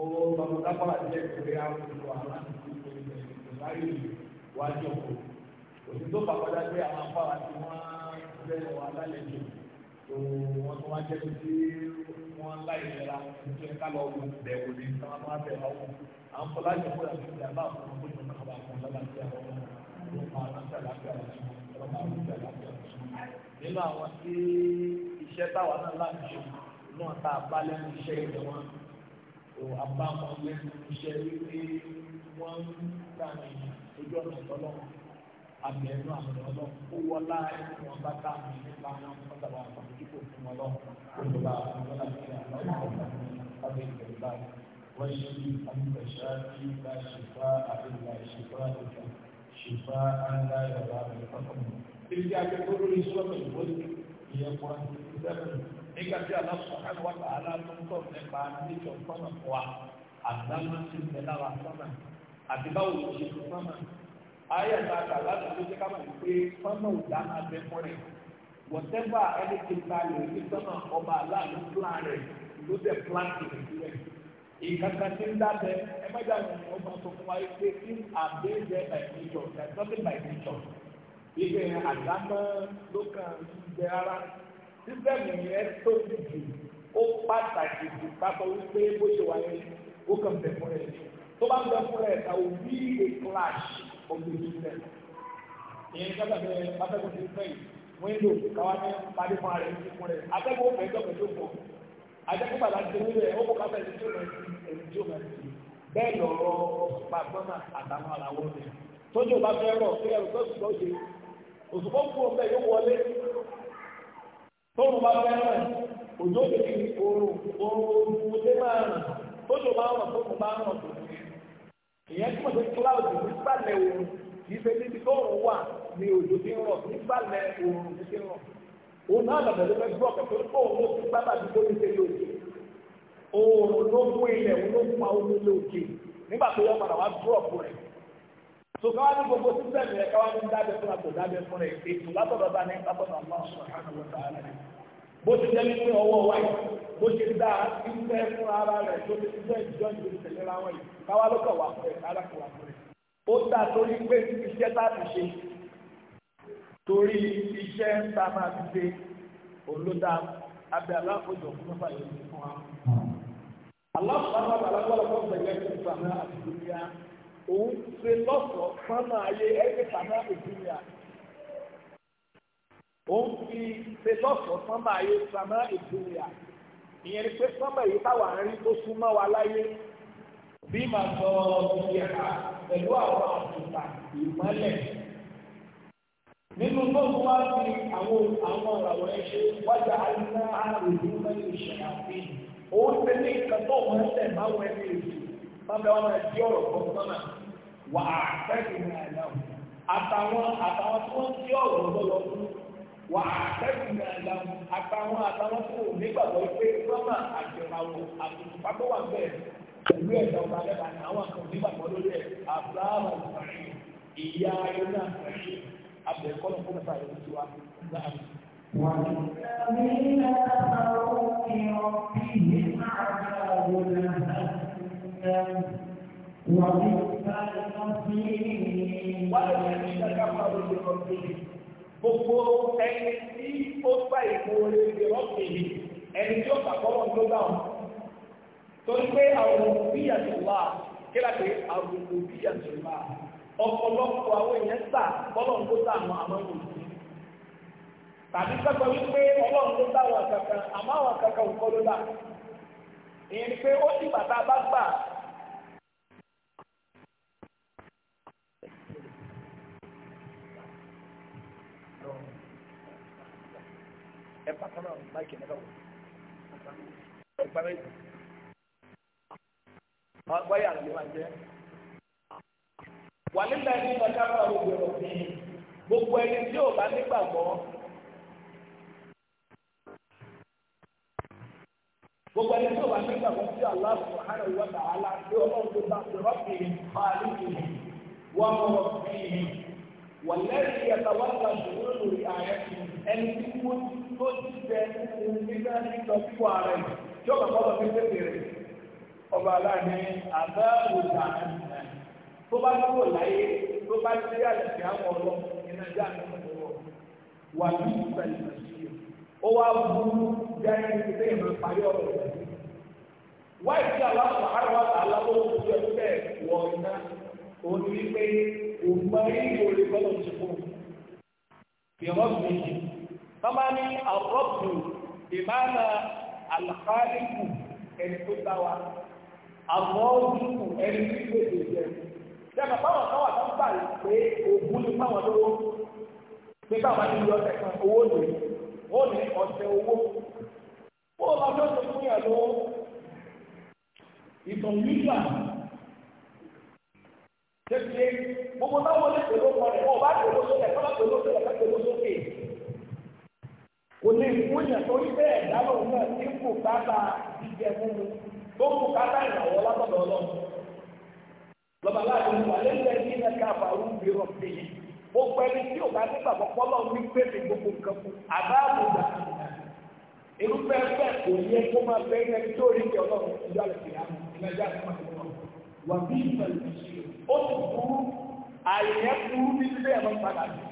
owó bàbá dábàá díẹ̀ pẹ̀lú àwọn olùkọ́ àwọn ìgbàlódé wájú ọkọ̀ òsì tó bàbá dábàá àwọn afárá tí wọ́n bẹ̀rẹ̀ wà lálejò tó wọ́n tó wá jẹ́ sí wọ́n láì lera nítorí ká lọ wọ bẹ̀wò ní sáwọn máa bẹ̀ wá wọ àwọn fọlájọ fún yàtọ̀ ìjà bá àwọn ọmọ ìjọba náà bá fún lálàáfíà wọn wọn máa rántí àlàáfíà wọn wọn máa rántí àlàáfíà wọn nínú àwọn tí iṣẹ́ táwa náà láti ṣe náà tá a bá lẹ́nu iṣẹ́ ìjọba tó abámọ́ lẹ́nu iṣẹ́ wípé wọ́n ń gbàmì ojú ọ̀nà tọ́lọ́ àmì ẹnu ọlọ́ ó wọlá ẹnu wọn bá tá àmì nípa wọn wọn tàbí àpàtì kíkò fún ọlọ́ olùbá ọlọ́lá ti rà lọ́wọ́ lábẹ́ ìgbẹ̀rù báyìí wọ́n yí amúgbẹ̀ṣá tí bá ṣèfá àbẹ̀là ìṣèfá ìjà ṣèfá ńlá yàrá ìfọ́kànlá. ibi tí a ti lórí sọ́ọ̀tù ìwọ́lẹ̀ ìyẹn pọ̀ ní sẹ́fẹ̀ẹ́ nígbà tí aláṣọ àgbàgbà aláṣọ nípa níjọ sọmọ wa àdámá ti ń bẹ lára sọmọ àti báwo ló ṣe fún sọmọ ayé ẹ̀ka àgbà láti ló jẹ́ ká mọ̀ pé sọmọ ò dá máa bẹ fún rẹ̀ whatever ẹni tí ta lè ní sọmọ ọba aláàánú plan rẹ̀ ló dẹ̀ plan rẹ̀ sílẹ̀ ìkàkà tí ń sísẹ́mù yẹn tóbi jù ó pàtàkì jù pátọ́ wípé bó ṣe wà yẹn ó kàn bẹ̀ fún ẹ̀ tó bá ń bẹ fún ẹ̀ ká o bí a clash of the system ìyẹn sábà bẹ atẹ́gùn ti fẹ́ yìí wíńdò káwá ní padì fún ààrẹ ní fún rẹ̀ atẹ́gùn ó fẹ́ jọ́pẹ̀ tó pọ̀ atẹ́gùn padà ti rí rẹ̀ ó kó ká bẹ̀rẹ̀ tó rẹ̀ sí ẹni tó rẹ̀ sí bẹ́ẹ̀ lọ́rọ̀ pàgbọ́nà àtàwọn àlàwọ̀ rẹ̀ tójú bá fẹ́ rọ̀ kí ẹ̀rù tó òṣùpọ̀ tóun bá fẹ́ rẹ̀ òjò lè fi oorun oorun ilé máa rìn tójò máa rọ̀ tóun bá rọ̀ tó ní. ìyẹn tí mo cloud nígbàlẹ̀ oorun kì ṣe níbi wà ní òjò tí ń rọ̀ nígbàlẹ̀ oorun tí ń rọ̀. òun náà lọ́dọ̀ ló fẹ́ gbọ́ kẹ́kẹ́ tó ti gbábà tó ní ṣe lòdì. oorun ló mú ilẹ̀ òun ló mú àwọn nígbà tó yọ padà wá tòkà wà ní gbogbo sísẹ̀mù yẹn káwá ní dábẹ́ fúnra tó dábẹ́ fúnra yìí ètò látọ̀dọ̀ bá ní látọ̀dọ̀ àwọn ọ̀sán bó ti jẹ́ nínú ọwọ́ wáyé bó ti dá ìfẹ́ fúnra ara rẹ̀ tó ti fẹ́ ìjọ ìjọ ìtẹ̀lera wọ̀nyí káwá ló kọ̀ wá fún ẹ̀ kára kọ̀ wá fún ẹ̀. ó dà torí pé iṣẹ́ tá a ti ṣe torí iṣẹ́ tá a máa ti ṣe olódà abẹ́ aláfojò fún mẹ́fà yìí fún wa. aláfojò àwọn àgbàlagbà lọ́kọ̀ òun ṣe lọ́sọ̀ọ́ sánmà ayé ẹgbẹ́ sánmà ìdúnyà òun fi ṣe lọ́sọ̀ọ́ sánmà ayé sánmà ìdúnyà ìyẹn ni pé sánmà yìí táwa ń rí tó súnmọ́ wa láyé bí màá sọ ìyẹ̀ká pẹ̀lú àwọn àtúntà ìmọ́lẹ̀ nínú gbogbo wa fi àwọn àwọn ọ̀rọ̀ ẹ̀ ṣe wájà àìsàn àròjù mẹ́rin ìṣẹ̀lẹ̀ àti òun ṣe ní ìkàtọ̀ wọn ṣẹ̀ máa wọ ẹni èsì bábẹ́ wọn di ọ̀rọ̀ kan sọ́nà wà á tẹ́kì ní àyà wọn àtàwọn àtàwọn tí wọ́n ti ọ̀rọ̀ lọ́lọ́ fún wà á tẹ́kì ní àyà wọn àtàwọn àtàwọn tí wọ́n nígbàgbọ́ pé rọ́mà àjẹmàwò àtùtùpá tó wà bẹ́ẹ̀ pẹ̀lú ẹ̀dá ọba lẹ́ba ní àwọn kan nígbàgbọ́ lórí ẹ̀ àbúráhà ọ̀sán ìyá ayé náà sẹ́yìn abẹ́ẹ̀kọ́ lọ́kọ́ mẹ́ta yẹn ti wá Gbogbo ẹni tí ó gbà ìbò orílẹ̀-èdè rọ́pìnì ẹni tí ó pàpọ̀lọ̀ tó bá wọn. Torí pé àwọn òbíyà tó wà kí láti àwọn òbíyà tó wà. Ọ̀pọ̀lọpọ̀ àwọn èèyàn sà bọ́lọ̀ tó sà mọ́ àwọn òbí. Tàbí sọ́kọ̀ wípé ọlọ́run tó sáwọn kankan, àmọ́ àwọn kankan ò kọ́ ló dà. Ìyẹn ni pé ó sì bàtà bá gbà ẹ pàtó náà máìkì nígbà wò ìgbà méjì wáyà ló máa jẹ. wà nígbà tí wọn ká máa wọlé gbogbo ẹni tí ò bá nígbàgbọ́ gbogbo ẹni tí ò bá nígbàgbọ́ sí Allah subhanahu wa ta'ala tí ọlọ́run tó bá ti rọ́ọ̀kì máàlú kìíní wọ́n mọ̀ sí i ẹ̀ka wọ́n gba ṣòro lórí ààrẹ ẹni tí wọ́n ti tó ti bẹ ohun nígbà ní ìtọ́jú ààrẹ ìjọba bọ́lọ̀ fi tètè rẹ̀ ọba aláàní àbẹ́wòdà tó bá dúró láyé tó bá ti rí àlùfẹ́ àwọn ọlọ́ iná já ní ọ̀pọ̀ wà ní ìgbàlẹ̀ ìgbàlẹ̀ ó wá burú jáde ní ilé ìmọ̀ parí ọ̀rọ̀ rẹ̀ wáyé tí aláwọ̀ aráwá aláwọ̀ ojú ẹgbẹ́ wọ̀ iná òun ní pé òun máa ń yí olè bọ́lọ̀ ṣe fún un. Ìyàwó mi yìí bàbá ní àrọ́bù ìmáàmà àlùkálíkù ẹni tó gbá wa àmọ́ọ́dúnkù ẹni tí ó lè jẹ. Ìjọba báwọn kan wà tó ń gbà pé ni báwọn lówó. Pé báwọn ti lọ ọ̀sẹ̀ kan owó lè ó ní ọ̀sẹ̀ owó. Ó lọ tó ṣe fún yàn lówó. Ìtàn yíyà ṣe fi gbogbo táwọn olè pẹ̀lú ọkọ rẹ̀ bá pẹ̀lú sókè kọ́lá kò lè fún yàn torí bẹ́ẹ̀ dáná òun náà ní kò káta jíjẹ fún mi tó kò káta ìrànwọ́ látọ̀dọ̀ ọlọ́run lọ́ba láàrin ìwà lẹ́sẹ̀ yìí náà ká àfàrú bí rọ̀ sí i ó pẹ́ ní tí òun àti bàbá pọ́lọ́ ní pèsè gbogbo nǹkan fún àbáàbò gbà irúfẹ́ bẹ́ẹ̀ kò yẹ kó máa bẹ́ ní ẹni tó rí ìjọ ọlọ́run ìjọ àlẹ́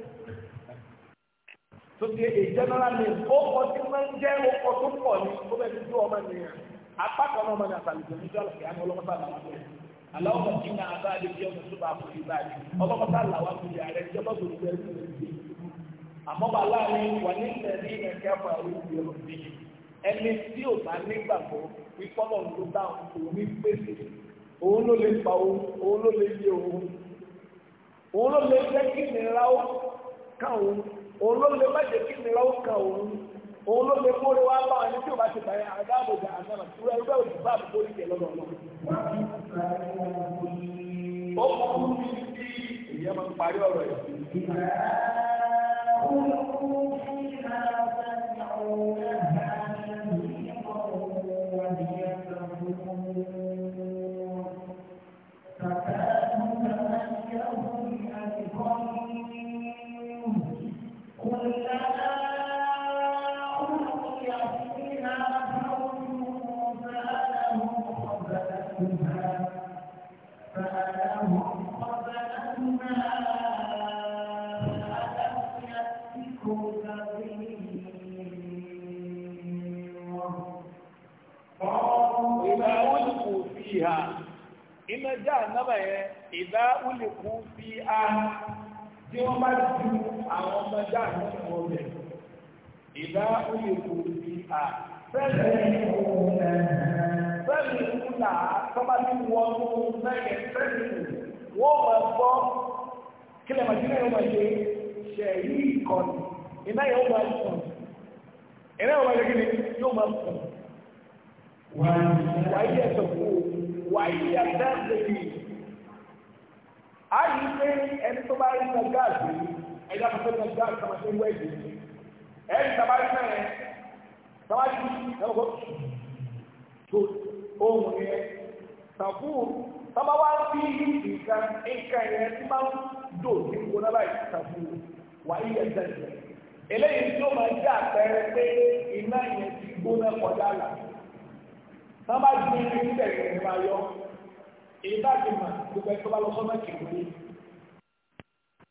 tó ti èyí general name ó kọ tí wọ́n ń jẹ́ ọkọ tó pọ̀ ní tó bẹ́ẹ̀ ti dú ọmọ ènìyàn apá kan náà ọmọ ní àtàlùjọ ní jọ́lọ̀ kí á ní ọlọ́mọ sábà wọn bẹ́ẹ̀ aláwọ̀ kan kí ní abá adé bí ọmọ súnmọ́ àpò ìgbà rẹ̀ ọlọ́mọ sábà wọn kò yà rẹ̀ jọ́lọ́ tó gbẹ àmọ́ bá láàrin wà ní ìtẹ̀lé ìrìnkẹ́ fún àwọn ìgbìyànjú ọ̀gbìn ẹni tí ò bá nígbàgbọ́ ìfọ́nà ló bá òun ní pèsè òun ló lè pa òun òun ló lè yé òun òun ló lè jẹ́ kí nira ó káwọn òun ló lè má jẹ́ kí nira ó kan òun òun ló lè kóore wá bá ẹni tí o bá ti bàyà àdáàbò jà àdáàbò tí wọ́n ẹgbẹ́ òjò bá àbúkó ìjẹ lọ́dọ̀ lọ. ó kú bí bí ìyẹn máa ń parí ọ̀rọ̀ yìí. iná já ànábà yẹn ìdá wúlìkú fi á tí wọ́n bá ju àwọn ọmọ já ànábà wọn bẹ̀ ìdá wúlìkú fi á fẹ́ẹ̀lì fẹ́ẹ̀lì kúlà tọ́ba ní wọnú mẹ́yẹ fẹ́ẹ̀lì wọ́n máa gbọ́ kílẹ̀ màdínà yóò máa ṣe ṣẹ̀yí ìkọ́ni iná yóò máa sùn iná yóò máa ṣe kí ni sùn wáyé ẹ̀sọ̀ fún òun wàyí àtẹ́sẹ̀lì àyè pé ẹni tó bá rí na gáàsì ẹ̀yà tó fẹ́ na gáàsì tó máa ṣe wẹ́ ìdí ẹ̀yìn tàbá rí náà ẹ̀ tàbá rí ẹ̀kọ́ tó ohun yẹn tàbú tàbá wá bí nǹkan nǹkan yẹn tí máa ń dò ní gbóná láì tàbú wàyí àtẹ́sẹ̀lì eléyìí tó máa jẹ́ àpẹẹrẹ pé iná yẹn ti gbóná kọjá làkúrò tán bá ju irin níbẹ̀ yẹn máa yọ èyí bá ti mà gbogbo ẹ̀ tó bá lọ sọ́nà kìlúrí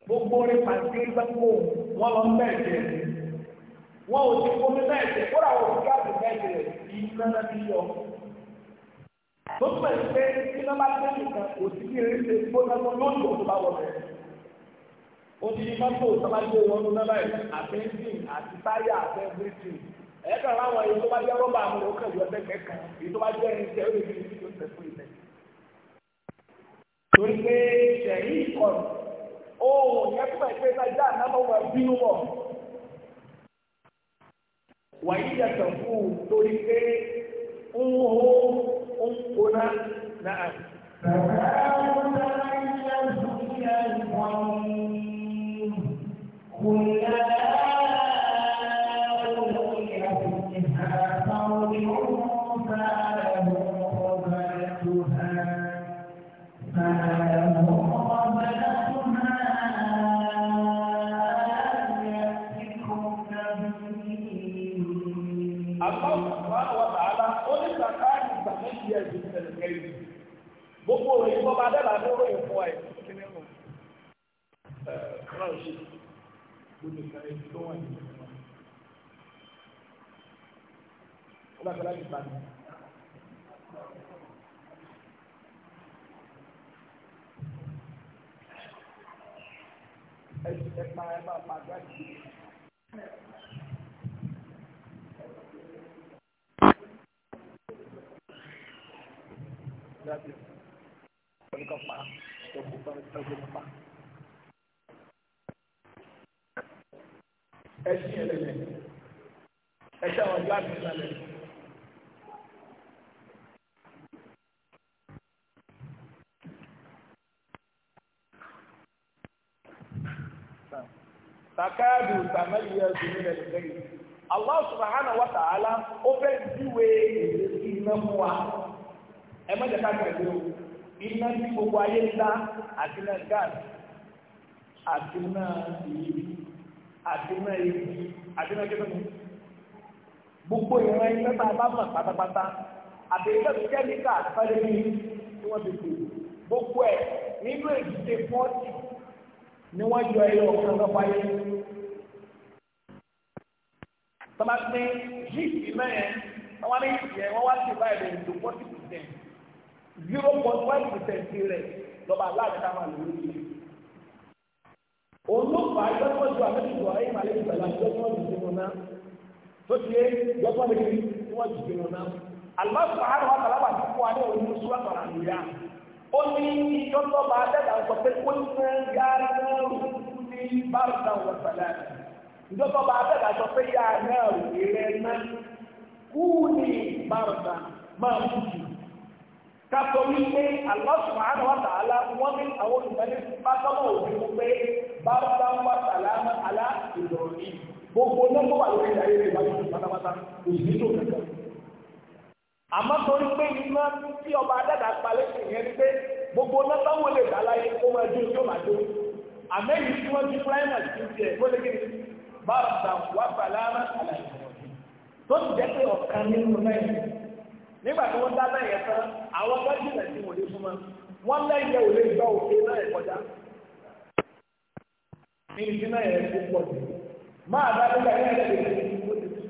gbogbo orin pàṣẹ gbẹ́kọ̀ wọn lọ bẹ́ẹ̀ jẹ wọn ò ti fomi bẹ́ẹ̀ jẹ kó ra òkú káàdì bẹ́ẹ̀ jẹ iná náà ti yọ tó túbọ̀ sí pé iná bá tẹ́ nìkan kò sí kí eré ṣe gbóná tó yóò yọ tó bá wọ bẹ́ẹ̀ odidi mọ́tò sábàjọ́ wọnú náà báyìí àti ẹ́ńjìn àti táyà àti ẹ́ńjìn ẹ̀ẹ́dọ̀ láwọn èyí tó bá jẹ́ rọ́bà àwọn òkè ìjọ tẹ́kẹ̀ kan èyí tó bá jẹ́ ẹni tẹ́ ó lè fi ní tó ń tẹ̀ fún ìtẹ̀. torí pé sẹ̀yìn ìkọlù ohun yẹn fún ẹgbẹ́ sájà wà bínú wọ̀. wàyí yàtọ̀ fún un torí pé ń hó ń kóná náà. Bàbá àwọn ọmọ náà ń ṣe àdúrà òṣè ló lè kẹrẹ ibi tó wà ní ìlú wọn. ó bá tẹ́lá ti pa mí. ẹ ẹ pa ẹ máa pa àdúrà kìí. Gracias. Único pa, yo ocupo el segundo ẹṣin ẹlẹlẹ ẹṣin àwọn ọjọ́ àti ìlànà takadu tamali yẹ ẹsùn nílẹ̀ lẹ́yìn Allah subhanahu wa ta'ala ó fẹ́ júwe iná mú wa ẹ má o iná tí gbogbo ayé ń àti náà gáàsì àti náà ìyí. àdínà ibi àdínà kí lóni gbogbo ìran ẹgbẹ́ tá a bá mọ̀ pátápátá àbẹ̀yẹ́dẹ́ tó kẹ́míkà fẹ́lẹ́ ní tí wọ́n ti pè gbogbo ẹ̀ nínú èdè pọ́ọ̀tì ni wọ́n yọ ẹyọ ọ̀kan lọ́pàá yẹn tọ́ba pé yíìsì mẹ́rin àwọn améyìí yẹn wọ́n wá sí báyìí lẹ́yìn tó forty percent zero point one percent rẹ̀ lọ́ba aláàbẹ̀ká máa lò lórí olùfà yọtọ ju àmẹtìtò ayé màlẹ ìgbàlá yọtọ ju sínú náà tó ti yé yọtọ lè fi wọn ju sínú náà alimọsọ àrùn wa kàlà wà fún wa ní òun sùn àtàrà nìyà ó ní yọtọ bá dẹ́gbà sọ pé ó ń fẹ́ yára náà ní bárúkà wọ̀ sàlẹ̀ yọtọ bá dẹ́gbà sọ pé yára náà rèé náà kú ní bárúkà máa ń tutù kátó wípé alimọsọ àrùn wa wọn ní àwọn olùdarí bàbá wa sàlámà alá ìdọ̀rọ̀ yìí gbogbo nọ́mbà wà lórí ìdáyé rẹ̀ bá yìí pátápátá kò sí nílò kankan. àmọ́ torí pé iná tí ọba adáda palẹ̀ sí yẹn ni pé gbogbo nọ́mbà wo lè dáláyé kó máa jó yóò máa jó àmẹ́yìí tí wọ́n ti fúláìmà sí tiẹ̀ kó lè gé bàbá wa sàlámà alá ìdọ̀rọ̀ yìí tó ti jẹ́ pé ọ̀kan nínú náà nígbà tí wọ́n dá ní ìdí náà yẹn ti pọ̀ jù máa bá nígbà yẹn lẹ́yìn ìdí ìdíwó ti tú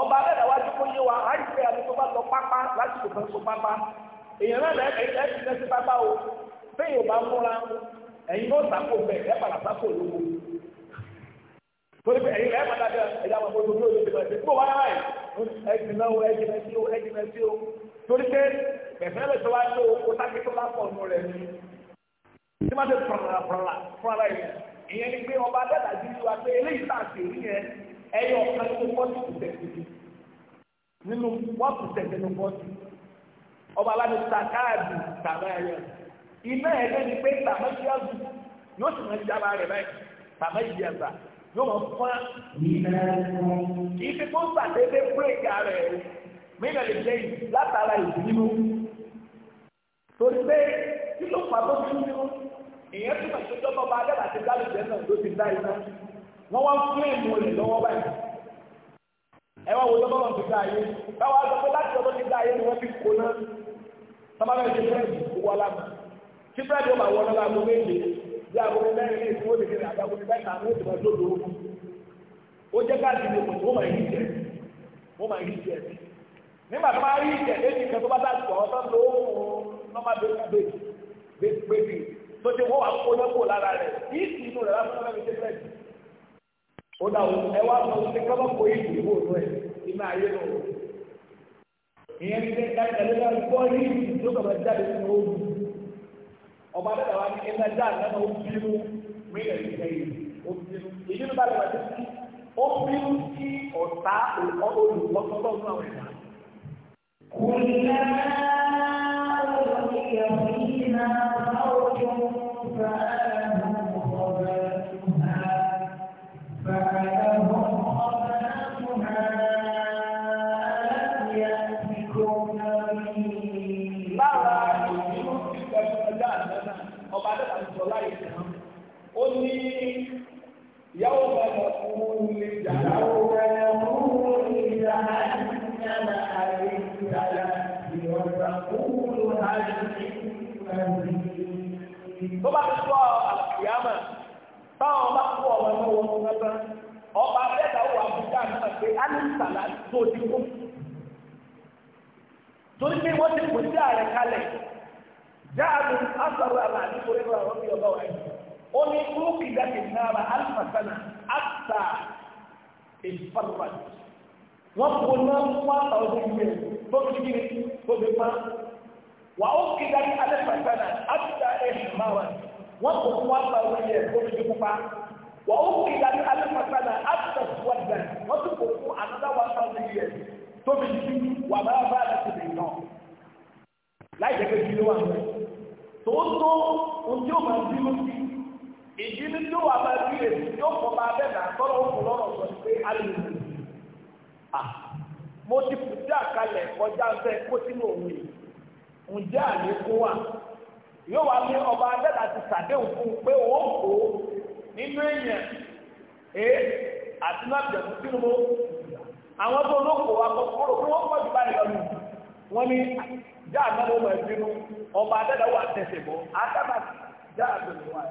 ọba abẹ́rẹ́ wájú kó yé wa láti fẹ́ àti tó bá lọ pápá láti kò fẹ́ so pápá èèyàn náà lẹ́yìn ẹ̀yìn ẹ̀yìn ẹ̀sìn pápá o fẹ́yìn ò bá múra ẹ̀yìn ló sàkó bẹ̀ ẹ̀ padà sàkó lówó torí pé ẹ̀yìn ẹ̀ padà bẹ̀ ẹ̀yà àwọn ọmọ olóòlù ti bẹ̀rẹ̀ tó wá láì ẹ̀jìn náà ẹ̀jìn ẹ̀sí o tó o kó sáké tó lápọ̀ ni tí má ti pọ̀nrà pọ̀nrà fúnra yìí ìyẹn ni pé ọba dẹ́dà jí ju wa pé eléyìí tá a ṣe rí yẹn ẹyọ ọ̀kan nínú fọ́ọ̀tì pùtẹ́tì nínú wọ́n pùtẹ́tì nínú fọ́ọ̀tì ọba aláàbò sàkáàdì tàbá ẹ̀yọ iná ẹ̀dẹ́ ni pé tàbá ṣe àbù yóò sì máa jábà rẹ̀ báyìí tàbá ìdí àgbà yóò máa fọ́n kì í fi kó bírèkì ààrẹ mílíọ̀nù lè jẹ́ látara ìdí nínú torí pé kí ló fà tó fi ìyẹn túmọ̀ sí tó tọ́ba adẹ́bà ti dá lùjẹ́ náà ló ti dá iná wọ́n wá fún èèmù rẹ̀ lọ́wọ́ báyìí ẹ wá wo tọ́ba náà ti dá ayé báwa sọ pé láti ọdún ti dá ayé ni wọ́n ti kó náà tọ́ba náà ti fẹ́ ìwọ alámà tí fẹ́ẹ́ tó bá wọ náà lágbo méje bí agogo mẹ́rin ní ìfowó lè kéré àgbàgbọ́ ní báyìí àwọn ètò ọjọ́ lòó fún ó jẹ́ káàdì ìdìbò tó máa yí jẹ ó máa yí jẹ nígbà tó máa yí jẹ lẹ́yìn kan tó bá dà sọ̀rọ̀ tó ń lo ó fún un normal baby baby baby tó ṣe wọ́n wà kó lọ́kọ̀ lára rẹ̀ yìí sì inú rẹ̀ lásán lẹ́nu ṣe fẹ́ jù. ó dà wọ́n ẹ wá sọ pé kọ́mọ́ kó yìí ìwò òun ẹ̀ iná ayé lò ó. ìyẹn ní ṣe ká ìtẹ̀lé náà gbọ́ ní ìdílé kọ̀ọ̀mọ́ jáde nínú oòrùn. ọba dẹ́ta wa ní ẹgbẹ́ jáde náà ó bínú mílẹ̀ ìgbẹ́yìn ó bínú ìdílé bá lè wá sí ó bínú sí ọ̀tá olùkọ́ tó ti kú torí pé wọ́n ti kú sí ààrẹ kalẹ̀ jáàbù asàrò àlà àdìpọ̀ nínú àwọn ọmọ ọba wáyé ó ní kúrúkì jáde náírà alifasana àtà ìfarwa wọ́n kó náà one thousand years tó fi kiri tó fi pa wà ó kí jáde alifasana àtà ìfarwa wọ́n kó one thousand years tó fi kiri pa wà ó kí jáde alifasana àtà ìfarwa. wọ́n tún kò fún another one thousand years tó fi ju wà bá bá láti lè láì jẹ́ pé bí ló wà tó tó ohun máa bí ó sí ìdí ní tó lọ́rọ̀ sọ pé a lè mo ti àkàlẹ̀ kọjá wà yóò ọba ti sàdéhùn fún un pé òun kò nínú àti náà jẹ̀kú kí ló mọ́ àwọn tó lóko akọ́kọ́rò kí wọ́n pọ̀ jù báyìí lọ́nu wọ́n ní já àmọ́ ọmọ ìbínú ọba adẹ́dá wà tẹ̀sẹ̀ bọ́ àtàbà já àbẹ̀lẹ̀ wà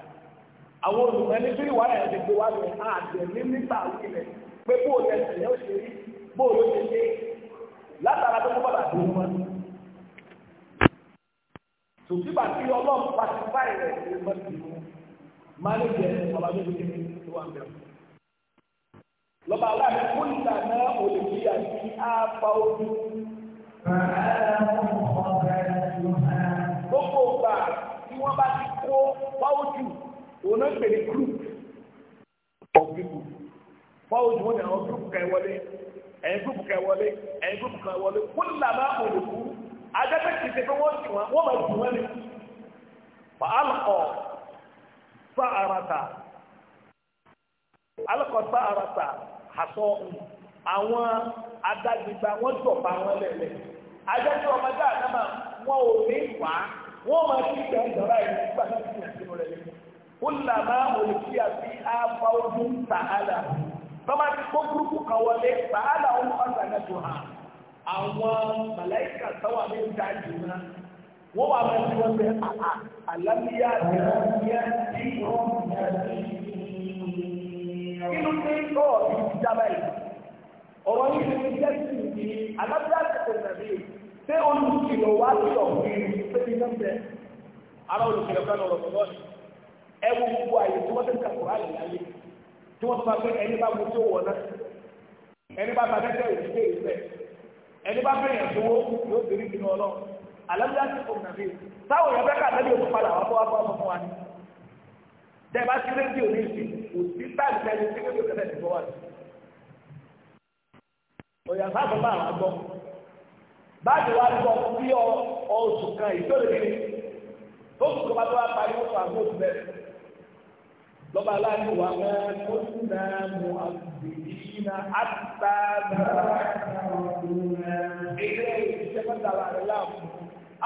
àwọn olùmọ̀ ẹni bí wàhálà ẹ̀ ti gbé wá lọ àgbẹ̀ ní níta ìlẹ̀ pé bó o lẹ tẹ̀lé ó ṣe rí bó o ló ṣe ṣe látara tó kọ́ bàbà tó wọn. tòkíbà tí ọlọ́run pàṣípàì rẹ̀ ṣe mọ́ lọ́ba aláàbí fún ìgbà náà olè fi àti àpá ojú. gbogbo ìgbà tí wọ́n bá ti kó fáwọ́jù òun náà pè group of people fáwọ́jù wọn ni àwọn group kan wọlé ẹ̀yin group kan wọlé ẹ̀yin group kan wọlé fún ìlànà olè kú adájọ́ ti ṣe pé wọ́n ti wọn wọ́n máa ti wọn ni. fàálùkọ̀ sọ àràtà alùkọ̀ sọ àràtà àtọ́ àwọn adágbègbè wọ́n jọ̀pá wọn lẹ̀lẹ̀ adájọ́ ọmọdé àdámà wọn ò ní wá wọn máa ti gbẹ ìjọba yìí nígbà tó ti yàn sínú rẹ̀ lẹ́yìn kúlàmà òlùkí àti àbá ojú sàhálà bàbá ti kó gúrúkú kan wọlé sàhálà ọmọ ọgbà náà tó hàn àwọn màláìkà sáwà ní ìta jùlọ wọ́n wà máa ti wọ́n bẹ àlàmíyá ìrọ̀lẹ́ ìrọ̀lẹ́ nínú pé lọ́ọ̀ bí ti dábàá yìí ọ̀rọ̀ yìí ti jẹ́ sí ìdí alábíyá tẹ̀sẹ̀ nàbí ṣé olùkìlọ̀ wá lọ kiri pé ní sẹ́ńtẹ̀ ara olùkìlọ̀ kan lọ̀rọ̀ tó lọ́ọ̀ni ẹ wo gbogbo àyè tí wọ́n ti ń ta kùrá yìí láyé tí wọ́n ti máa pé ẹni bá mo tó wọ̀ náà ẹni bá bàbá tẹ̀ òsì dé ìfẹ́ ẹni bá fẹ́ yẹn sówó yóò bèrè ìdùnnú ọlọ́run alábíyá tẹ̀sẹ̀ nàbí táwọn èèyàn fẹ́ ká àtẹ́lẹ́ òkú padà wá bọ́ wá bọ́ fún wa ni tẹ́ bá sí rédíò ní ìsìn kò sí báyìí ẹni tí wọ́n yóò tẹ́lẹ̀ ti fọwọ́ sí. ọ̀yà sáfù máa wà gbọ́. báàgì wa gbọ́ bí oṣù kan ìjọ́lẹ̀ kiri tó kù tó bá tó wá parí wọ́n fà á gbóòtù bẹ́ẹ̀. lọ́ba aláàánú wa máa kó nà mú àbùdíyìnà àtà náà. ilé ìṣẹ́ mọ́tà wà rẹ̀ láàmú.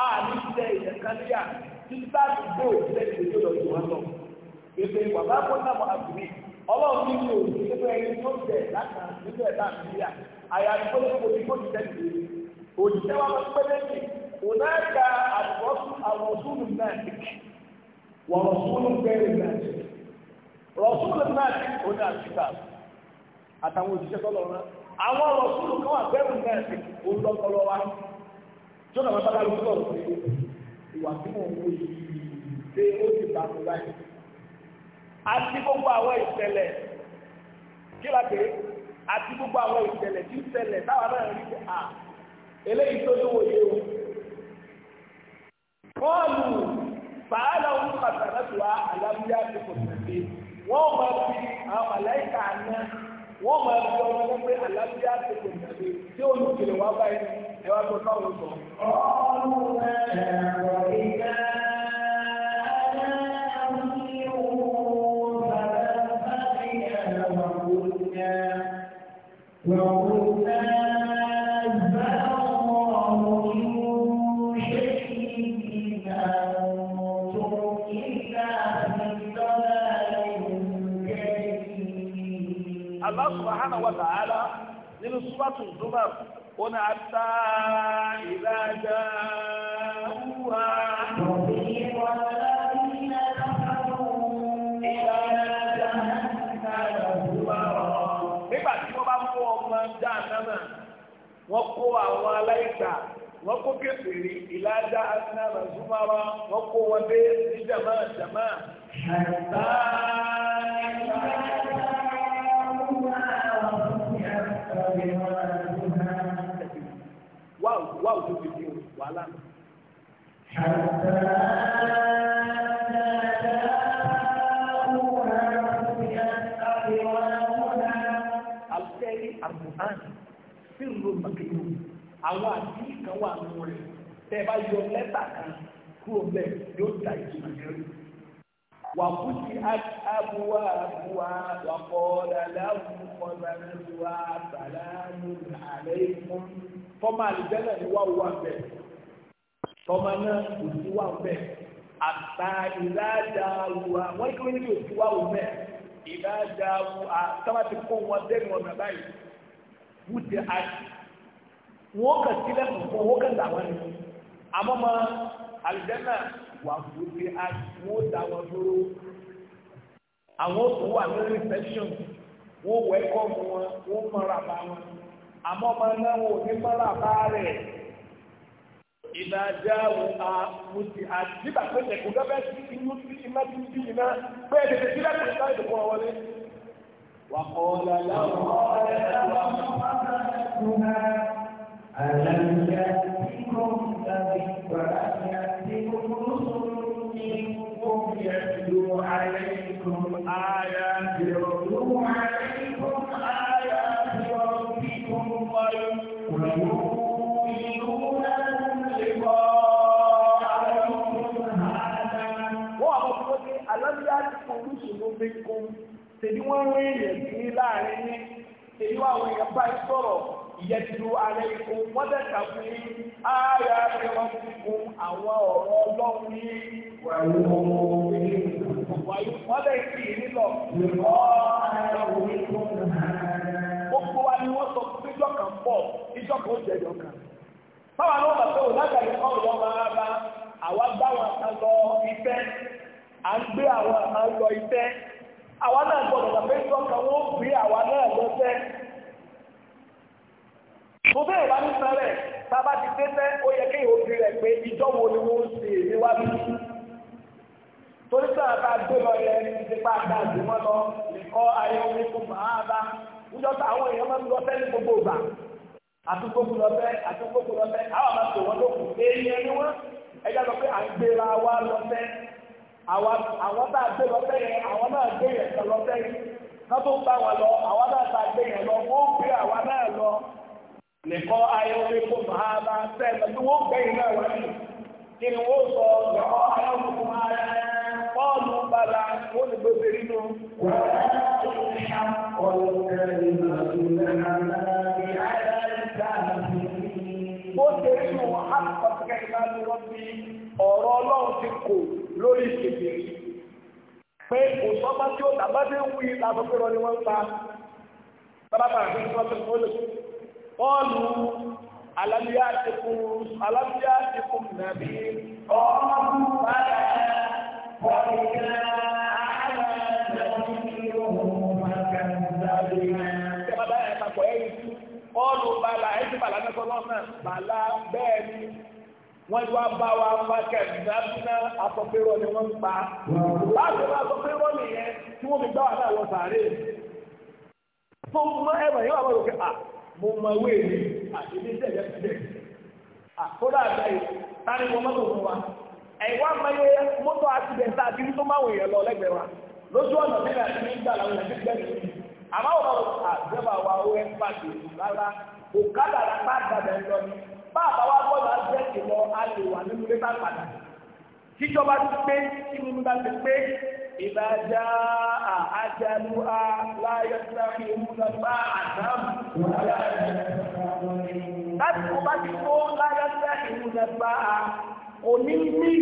a ní sẹ́ ìyẹ̀káníyà títí bá àdúgbò ìṣẹ́ ìṣẹ́ tó lọ sí wọn lọ bèbè ìwà bá kó nàmọ àbúrí ọlọ́run ní mi ò ní nínú ẹni tó jẹ láta nínú ẹ̀dá nàìjíríà àyà àdúgbò ní kò ní kò ní tẹ́tì lé òṣìṣẹ́ wa lọ pé méjì ònáàkà àdìbọ́sù àwọn ọ̀ṣunù náà ti kí wọ́n rọ̀ṣunù bẹ́ẹ̀rẹ̀ náà ti rọ̀ṣunù náà ti kò ní àṣìkà àtàwọn òṣìṣẹ́ tọ́lọ̀ rán àwọn rọ̀ṣunù kan wà bẹ́ẹ̀rù náà ti kò ń lọ́kọ́lọ́ wa tí ó nà máa bá àti gbogbo àwọn ìṣẹ̀lẹ̀ kí la pè é àti gbogbo àwọn ìṣẹ̀lẹ̀ tí ìṣẹ̀lẹ̀ táwọn náà rí pé à eléyìí tó lówó yé o. Bọ́ọ̀lù fàálà ń pàtàkì tó wá àlàbíyá ti kò tẹ̀lé. Wọ́n máa fi àwọn àláìka àná wọ́n máa fi ọmọ wọn pé àlàbíyá ti kò tẹ̀lé. Tí olùkèrè wá báyìí ẹ wá tó táwọn sọ. Ọ̀rọ̀ ẹ̀ ẹ̀rọ ìgbà. sùpàtù zuma wọn náà ta ìlàjà wúwa. nígbà tí wọ́n bá kó ọmọ dáadáa náà wọ́n kó àwọn aláìgbà wọ́n kó kékeré ìlàjà asinàmà zuma wọn kó wọn dé ní jama jama. wá òjò bèbí o wàhálà. Àlùfẹ́rí àbùhán sí ìlú Màkìlú, àwọn àti kan wà nínú rẹ̀, tẹ́ bá yọ lẹ́tà kan kúrò bẹ́ẹ̀ yóò da ìtumọ̀ kẹrì. Wàkúti àbúwá àbúwá wàkọ́ ọ̀dàlá òkú kọ́ńtà náà wà sàlámù àlẹ́ ìfọ́nù tọ́mọ àlùjẹ́nà ni wà wà bẹ̀ tọ́mọ náà kò sí wà bẹ̀ àtà ìdájà wà wọ́n kí wọ́n ní kò sí wà bẹ̀ ìdájà wà sábà ti kó wọn dẹ́nu ọ̀nà báyìí wù ti àti wọ́n kà sílẹ̀ fún wọ́n kà dà wọ́n ni àmọ́ mọ́ àlùjẹ́nà wà wù ti àti wọ́n dà wọ́n dúró àwọn tó wà ní reception wọ́n wẹ́kọ̀ wọn wọ́n mọ̀ra àmọ́ ọmọ náà wò ní pálá bá rẹ̀ ìdájá wo a mo ti àdìbà pé ẹ̀kọ́ gẹ́gẹ́ sí inú sí iná tí bí iná pé ẹ̀dẹ̀dẹ̀ sí láti ìta ìdìbò wọlé. wà á kọ́lá láwọn ọ̀rẹ́ ẹ̀rọ àmọ́tàkùnà àlàyé kíkọ́ ìtàgé gbàrà ní àti olóṣòwò ní gbogbo ìyẹn ló ayé ìkọ́ ayé. tèmi nwere ń rìn yẹn sí láàrin àwọn èèyàn bá yín sọ̀rọ̀ ìyẹ́dúró alẹ́ ikú wọ́n dẹ̀ka fún yín ààrẹ ààrẹ wọn ti fún àwọn ọ̀rọ̀ ọlọ́run yín wọ́n dẹ̀ kì í nílọ. gbogbo wa ni sọ fún kan kan ó jẹjọ kan. báwa ló ara àwa wọn kan lọ à ń gbé àwọn àwa náà gbọ́dọ̀ gbà sọ́kàn wọn ó àwa náà lọ́sẹ̀. mo bẹ́ẹ̀ wá ní sẹ́rẹ̀ bàbá ti dé sẹ́ ó yẹ rẹ̀ pé wo ni wọ́n ṣe èmi wá bí. torí sáà ká gbé lọ yẹ nípa àgbàdo mọ́ lọ nìkọ́ ayé omi kò máa bá níjọ́ àwọn èèyàn máa ń lọ sẹ́ni gbogbo ìgbà àwọn àwọn tá lọ sẹ́yìn àwọn náà gbé yẹn lọ sẹ́yìn náà ń bá lọ àwọn náà tá gbé yẹn lọ wọ́n gbé àwọn náà lọ nìkọ́ ayọ̀wé kó máa bá sẹ́yìn wọ́n gbé náà kí ni wọ́n sọ kó máa rẹ̀ bala wọ́n ní gbèsè ọ̀rọ̀ ọlọ́run ti kò. lórí ìpèsè pé kò sọ́gbà tí ó dàgbà dé wú yìí lásán pé rọ ni wọ́n pa bàbá àti ìfọ́sẹ̀ fọ́lẹ̀ bọ́ọ̀lù alábíyá ti kún alábíyá ti kún nàbí ọ̀ọ́dún bàbá bọ́ọ̀lù náà. Bọ́ọ̀lù bàlá ẹ̀sìn bàlá mẹ́kọ̀ọ́ náà bàlá bẹ́ẹ̀ ni wọ́n yóò bá wa fákẹ́ ìdájúná àtọ́pẹ́rọ ni wọ́n ń pa láti wọ́n àtọ́pẹ́rọ nìyẹn tí wọ́n fi gbá wà náà wọ sàárè tó mọ ẹ̀rọ yóò wọ́n lòkè à ah, mo mọ ewé mi àdébí tẹ̀lé tẹ̀lé àkódà àgbáyé tani wọ́n mọ́tò fún wa ẹ̀wọ́n amáyé mọ́tò àtìgbẹ̀ntà àti tó máa wòye lọ lẹ́gbẹ̀ẹ́ wa lójú ọ̀nà bí wọ́n ti ń gbà láwọn ẹ̀sìn gbẹ̀rẹ̀ àmọ́ wọ́n àgbẹ̀bà ah, wa ó ẹ̀ pàdé rárá òkàdà lápá àgbàdà ẹ̀ lọ ni bá àbáwá bọ́ọ̀lù àjẹsì lọ a wà nínú ilé bá padà jíjọba ti pé tí mo bá ti pé ìbàjá àjálù a láyé sáré ìmúlọ bá àdámù láti kó bá ti kó láyé sáré ìmúlọ bá a òní mí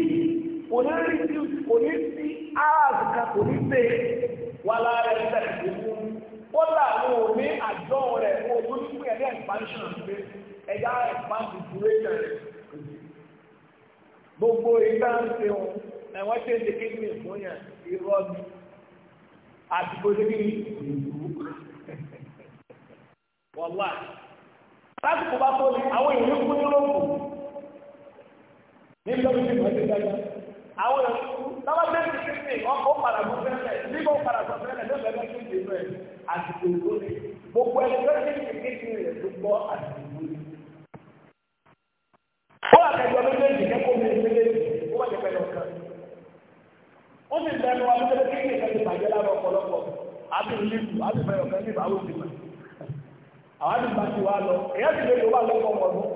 òní rìsí òní sí áàzù kan kò ní pé wà láyé sáré ìmúlọ ó làwọn òní àjọ rẹ̀ òní fún ẹ̀rí expansion pé ẹ̀yà ẹ̀fà tuntun ẹ̀yà rẹ̀ gbogbo ìgbà ń ṣe wọn ẹ̀wọ́n ṣe ń ṣe kíndìn fún yàn irọ́ mi àti kò sí wọ́lá láti kò bá tó ní àwọn èèyàn kú ní lóko nígbà tó ti mọ̀ ní dájú àwọn èèyàn kú lọ́wọ́ bẹ́ẹ̀ ti kíndìn ọkọ̀ padà bọ́ fẹ́lẹ̀ nígbà ó padà bọ́ fẹ́lẹ̀ lọ́wọ́ bẹ́ẹ̀ ti kíndìn rẹ̀ àti kò tó ní gbogbo ẹni tó ti kíndìn rẹ̀ tó gbọ́ àti ó wà kẹjọ méjèèjì kẹkọọ mi méjèèjì ó wà kẹkẹ lọkàn ó sì lẹnu àwọn ọmọdé kékeré kan ti bàjẹ́ lára ọ̀pọ̀lọpọ̀ àti nílùú àti bẹ̀rẹ̀ ọ̀kan ní ìbáwọ̀ ti mọ̀ àwọn àti bàtì wa lọ èyí àti bẹ̀rẹ̀ wà lọ́kọ̀ ọ̀pọ̀lọpọ̀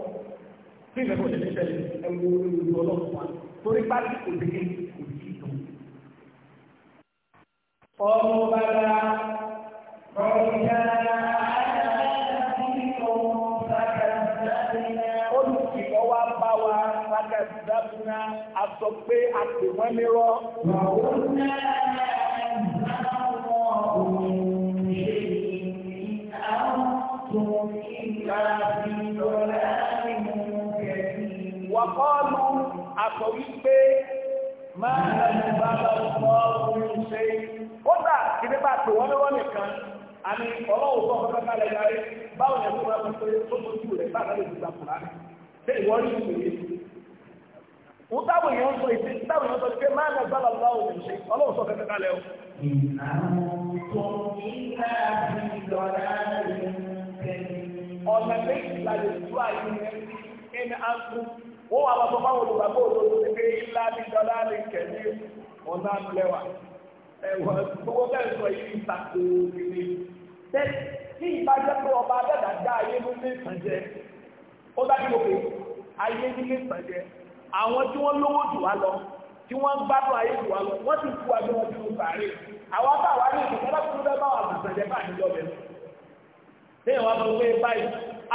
tí ìgbẹ́kọ̀ lè ní sẹ́yìn ẹ̀wù olùdó ọlọ́pàá torí فكذبنا أصبي أقوى مرا وقلنا ما أنزل الله من شيء إن أنتم إلا في ضلال كبير وقالوا أصبي ما أنزل الله من شيء kódà kìdí bá tó wọn lọ́wọ́ nìkan àmì ọlọ́wọ́ tó ọkọ̀ kankan lẹ́yìn ayé báwo ni ẹ̀kọ́ wọn pé ó tó ju rẹ̀ bá àgbàdo ìgbà kùnà rẹ̀ ṣé ìwọ́n rí ìwé yìí wọ́n èèyàn sọ ìdí táwọn èèyàn sọ pé máa nà gbára lọ́wọ́ òun ọlọ́run sọ kẹta kalẹ̀ o. ọ̀nà méjì lálẹ́ ìlú ayé rẹ̀ ní àkú wọ́n wà lọ́sọ fáwọn olùgbàgbọ́ ní pé ọ̀nà àmúlẹ́wà ẹ̀wọ̀n gbogbo bẹ́ẹ̀ sọ yìí àwọn tí wọ́n lówó jù wá lọ tí wọ́n gbádùn ayé jù wá lọ wọ́n ti kú abẹ́ wọn dúró sàárè àwọn bá wà ní ìdíkẹ́ lọ́kùnrin bẹ́ẹ̀ bá wà lùsàn jẹ́ báyìí lọ bẹ́ẹ̀. lẹ́yìn wọn sọ pé báyìí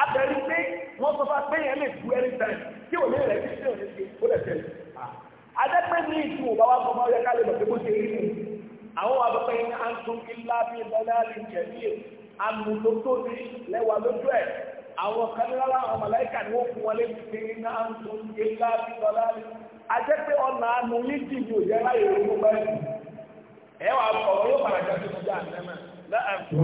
atẹ̀rí pé wọ́n sọ fún apẹ́ yẹn lè kú ẹni tẹ̀lé tí òun yẹn rẹ̀ ti tẹ̀lé ní ṣe ó lẹ̀ tẹ̀lé. adẹ́pẹ́ ní ìtú òbá wa sọmọ ọyẹ kálí lọ́pẹ́ bó ṣe rí nù. àwọn wà pẹ́ yẹn á ń tún ilá bíi lọ́lá àwọn kan lára àwọn màláìkà ni wọ́n fún wọn lé fi náà ń tún ilá bíbọ̀ láàyè ajẹ́ pé ọ̀nà àánú ní dìbò òjẹ́ láyé òun bá yìí ẹ wà bọ̀ ọ̀rọ̀ yóò padà jáde sí ìjà àná náà láàmì.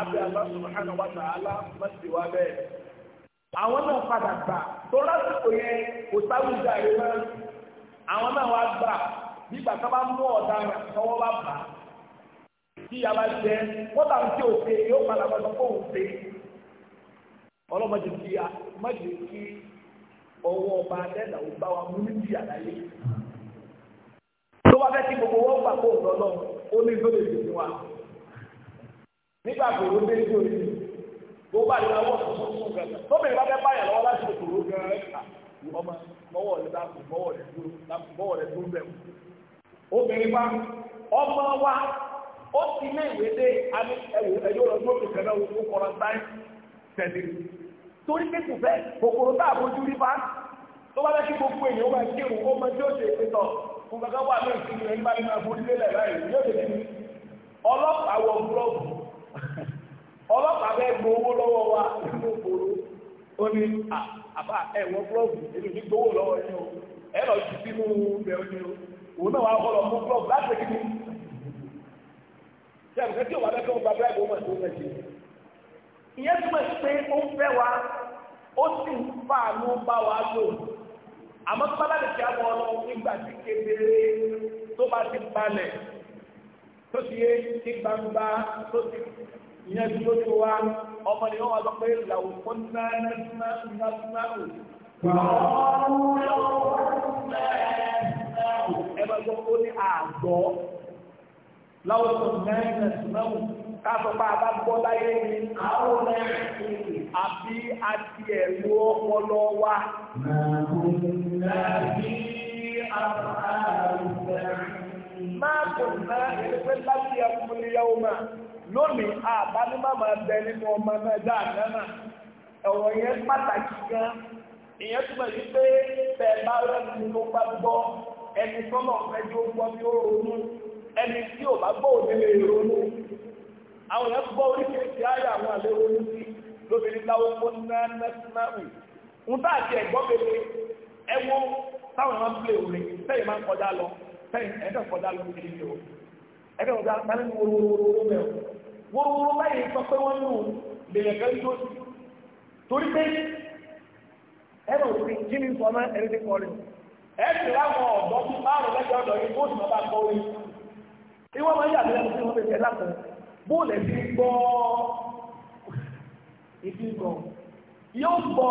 Abẹ́ wa ta'ala mọ̀ sí àwọn náà padà gbà tó lásìkò yẹn kò sáwùjọ àrẹ mọ́ àwọn náà wá gbà nígbà bá mú ọ̀daràn tọwọ́ bá bà á tí a bá jẹ kọ́tà ń tí o yóò padà bọ̀ sọ́kọ́ òun ṣe a ọwọ́ ọba adẹ́nà ò wa mú níbi àdáyé tó bá fẹ́ kí gbogbo gbà kó ọ̀dọ́ náà ó ní tó bá yẹ lọ́wọ́ tuntun fún gan tó bẹ̀rẹ̀ bá fẹ́ báyà lọ́wọ́ láti lè tòró gan ẹ̀ka ah, ọmọ mọ́wọ́ rẹ̀ dákun mọ́wọ́ rẹ̀ dúró dákun mọ́wọ́ rẹ̀ dúró bẹ̀rù. obìnrin wa ọmọ wa ó ti ní ìwé dé àmì ẹ̀wò ẹ̀yọ́ lọ sí òkè kẹlẹ́ owó kọ́ra táì tẹ̀lé torí pé kò fẹ́ kòkòrò tá àbójú rí bá tó bá fẹ́ kí gbogbo èèyàn máa kírun ó máa tí ó ṣe é tọ̀ fún kankan wà ní ìsinmi rẹ̀ nígbà tí máa forí lélẹ̀ báyìí yóò ṣe kí ọlọ́pàá wọ gúlọ́ọ̀bù ọlọ́pàá bẹ́ẹ̀ gbowó lọ́wọ́ wa nínú ìgboro ó ní àbá ẹ̀wọ̀n gúlọ́ọ̀bù èmi ní gbowó lọ́wọ́ yín o ẹ lọ jù sínú ibẹ̀ ó ní o òun náà wàá kọ́lọ̀ mú gúlọ́ọ̀bù láti kí ni ṣe àbùkẹ́ tí òun abẹ́kẹ́ òun bá bẹ́ẹ̀ gbowó mọ̀ tó mọ̀ ṣe ìyẹn túmọ̀ sí pé ó ń fẹ́ wa ó sì ń fàánú bá wa lò àmọ́ tó bá láti fi àwọn ọlọ́run nígbà tí kedere tó bá ti ìyẹn tí ó ti wá ọmọ ni wọ́n wá sọ pé làwọn fún náà náà náà náà Ẹgbẹ́ tó ó ní àgbọ̀ láwùjọ mẹ́rin mẹ́wù káfọ́pá bá gbọ́ láyé ní àwọn lónìí àbá ní màmá bẹ nínú ọmọ náà dáadáa náà ẹ̀wọ̀n yẹn pàtàkì gan ìyẹn túmọ̀ sí pé bá bá gbọ́ ẹni sọ́nà gbọ́ bí ó ronú ẹni tí ò bá gbọ́ òní lè ronú àwọn yẹn gbọ́ oríṣiríṣi ayé àwọn àlẹ́ ronú sí lóbìnrin láwọn kó ń bá àti bèbè ẹ̀wọ̀n táwọn òní sẹ́yìn máa ń kọjá lọ sẹ́yìn kọjá lọ sí ilé ẹgbẹ́ wọn gba sálẹ̀ ní wórówóró mẹ́rin wórówóró báyìí sọ pé wọ́n lò lèyàn kan tó sí torí pé ẹgbẹ́ wọn fi kí ni sọ náà ẹni tí kọ́ rẹ̀ ẹ sì láwọn ọ̀dọ́ tí márùn lẹ́jọ́ ọ̀dọ́ yìí bóòtù náà bá kọ́ orí ìwọ máa ń yà lẹ́yìn tí wọ́n fi ṣe lápò bóòlù ẹ̀sìn gbọ́ ìfi gbọ́ yóò gbọ́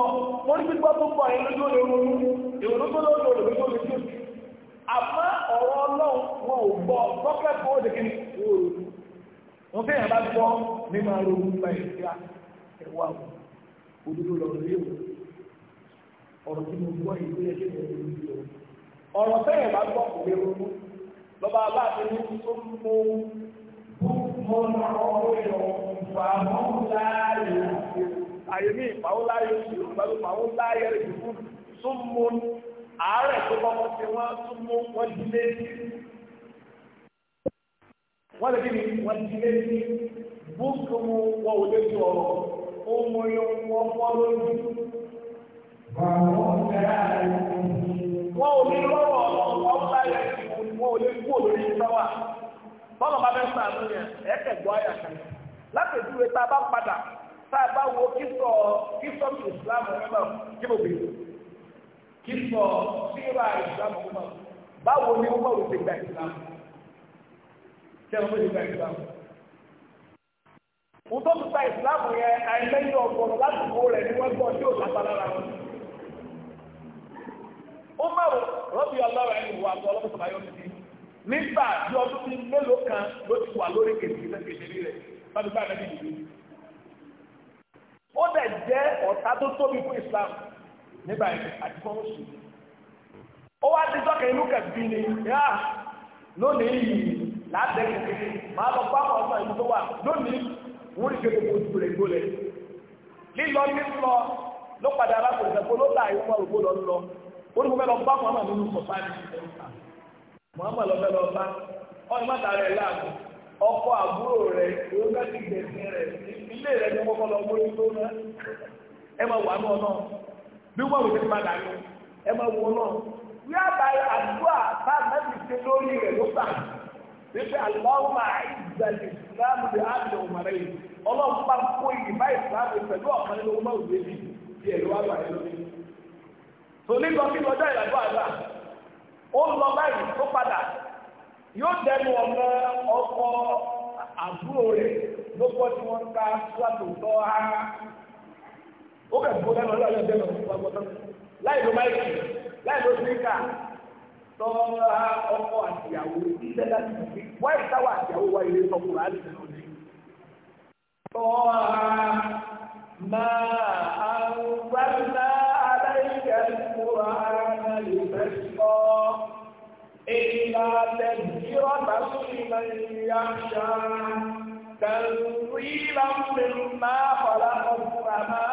wọ́n ní gbígbọ́ tó gbọ́ ẹ̀ lójú òde òru èrò tó lọ́dọ̀ òde òru tó lè tó àmọ́ ọ̀rọ̀ ọlọ́run wọn ò gbọ́ tọ́kẹ́kọ́ ó dèkí wòrò wọn fẹ́yàn bá gbọ́ ní máa ro nípa ìgbà ẹ̀wà òdodo lọ rí o ọ̀rọ̀ tí mo gbọ́ yìí ló yẹ kí mo rí o ọ̀rọ̀ fẹ́yàn bá gbọ́ kò lè ronú lọ́ba aláàbí ní àárẹ̀ tó kọ́kọ́ ṣe wọ́n tún mú wọ́n jí létí wọ́n lè kíni wọ́n jí létí búùkù mu wọ́n ò lè ju ọ̀rọ̀ ó mú yín wọ́n mọ́ lójú. wọ́n ò ní lọ́wọ́ ọ̀rọ̀ láyé wọ́n ò lè kú òlórí sáwà bọ́lá bá fẹ́ sàánú yẹn ẹ̀ẹ́dẹ̀gbọ́ àyà kan láti ìdúró tá a bá padà tá a bá wo kí sọ kí sọ kí Islam ẹ̀ náà kí mo bèrè kí sọ síra ìsìlámù mọ̀ báwo ni wọ́n rò ti gba ìsìlámù tẹ́lẹ̀ wọ́n ti gba ìsìlámù. Mo tó ti gba ìsìlámù yẹn àìlẹ́yìn ọ̀gbọ̀n láti kó rẹ̀ ni wọ́n gbọ́ tí ò lápá lára wọn. Ó mọ̀rọ̀ rọ́bì ọlọ́rọ̀ ẹni wà tó ọlọ́mọ sọ̀rọ̀ ayọ́mí sí. Nígbà tí ọdún bíi mélòó kan ló ti wà lórí kèsì kèsì rẹ̀ bábí bá ẹ̀ ó dẹ̀ jẹ́ ọ̀tá tó tóbi fún ìsìlámù. nígbà yìí àti fún oṣù ó wá ti sọ́kẹ̀ inú kẹ̀bí ni yá lónìí yìí látẹ̀kẹ̀ kékeré máa lọ bá wọn sọ ìlú tó wà lónìí wọ́n rí kékeré ojú rẹ̀ gbólẹ̀ lílọ lílọ ló padà arákùnrin ẹ̀kọ́ ló láàyè fún àrùkó lọ lọ ó ní mo fẹ́ lọ bá ọkọ àbúrò bí wọ́n wòlé máa dànù ẹ máa wọ náà wí àbáyé àdúrà bá mẹ́rin ṣe lórí rẹ̀ ló gbà wípé àlọ́mà ìgbàlè ahụ lè á lè wọ̀n yìí ọlọ́run bá kó pẹ̀lú ọ̀kan nínú ọmọ ti ẹ̀rọ lórí. ní lọ àgbà ó lọ báyìí tó padà yóò dẹnu ọmọ ọkọ àbúrò tí ó kà kó lẹ́nu ọlọ́ọ̀lẹ́ ọ̀dẹ́ lọ fún ọgbọ́n tán láì ló máa kì láì ló sí ká tọ́ra ọkọ àtìyàwó iṣẹ́ láti fi wáyé táwọn àtìyàwó wáyé lé sọkùnrin àti ìlú ní. tọ́ra máa àrùnbáná aláìṣẹ́ ìmúra ara lè fẹ́ sọ إلا تذكرة لمن يخشى تنزيلا مما خلق السماوات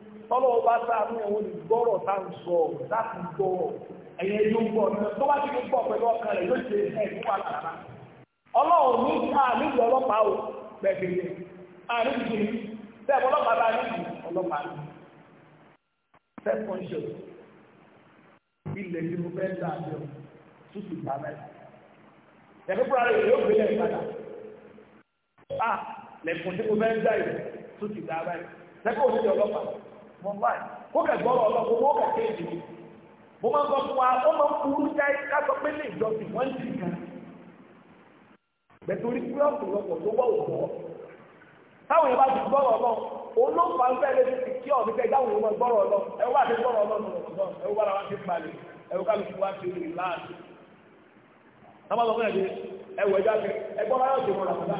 tọ́lọ́wọ́ bá sáànú ẹ̀wọ́ ní gbọ́rọ̀ tá ń sọ láti gbọ́ ẹ̀yẹ yóò gbọ́ tó bá ti gbọ́ pẹ̀lú ọkàn rẹ̀ yóò ṣe ẹ̀kú àtàrà ọlọ́run ní ọlọ́pàá ò bẹ́ẹ̀ ọlọ́pàá bá ọlọ́pàá ní ilẹ̀ mo fẹ́ tútù gbà mẹ́ta rẹ̀ yóò gbé wọn wá kó kẹgbọrọ ọlọpọ wọn kẹkẹ èdè mi mo máa ń gbọ́ fún wa ó máa ń kúrú jáì kájọ pé ní ìjọsìn wọn jì kan bẹ̀tẹ̀ orí kúrẹ́ ọ̀pọ̀lọpọ̀ tó wọ̀ wọ̀ táwọn yẹn bá ti gbọ́rọ̀ lọ olóòfà ń fẹ́ẹ́ lé ti kí ọ̀mí kẹ́ dáhùn ìwọ̀n gbọ́rọ̀ lọ ẹ̀rọ bá ti gbọ́rọ̀ lọ lọ ẹ̀rọ bá wa ti balẹ̀ ẹ̀rọ kálukú wa ti rìn láàánú. àwọn ọmọ yẹn ẹwọ ẹja kẹ ẹgbọ́n bá yọ̀ tó mọ̀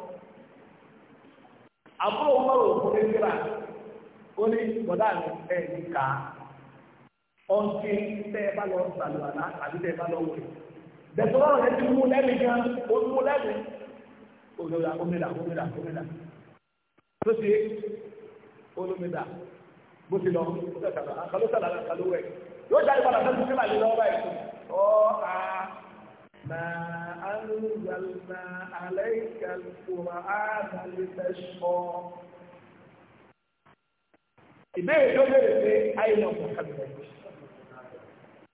àbúrò mọ́rò òkúté síra ó ní bọ́dá mi ẹ̀ ní ká ọ̀nkí tẹ́ ẹ bá lọ sàlùwàlá àbí tẹ́ ẹ bá lọ wẹ̀. dẹ̀tọ́rọ̀ rẹ̀ ti mú lẹ́mìí gan ó mú lẹ́mìí olóra omíra omíra omíra tó ṣe olómìnira bó ti lọ ó tẹ̀ sàlùwàlá kàló sàlùwàlá kàló yóò jáde padà sẹ́nu sílà lé lọ́wọ́ báyìí ọ́ àá. ما أنزلنا عليك القرآن لتشقى ìbéèrè tó béèrè pé àìlọ Muhammad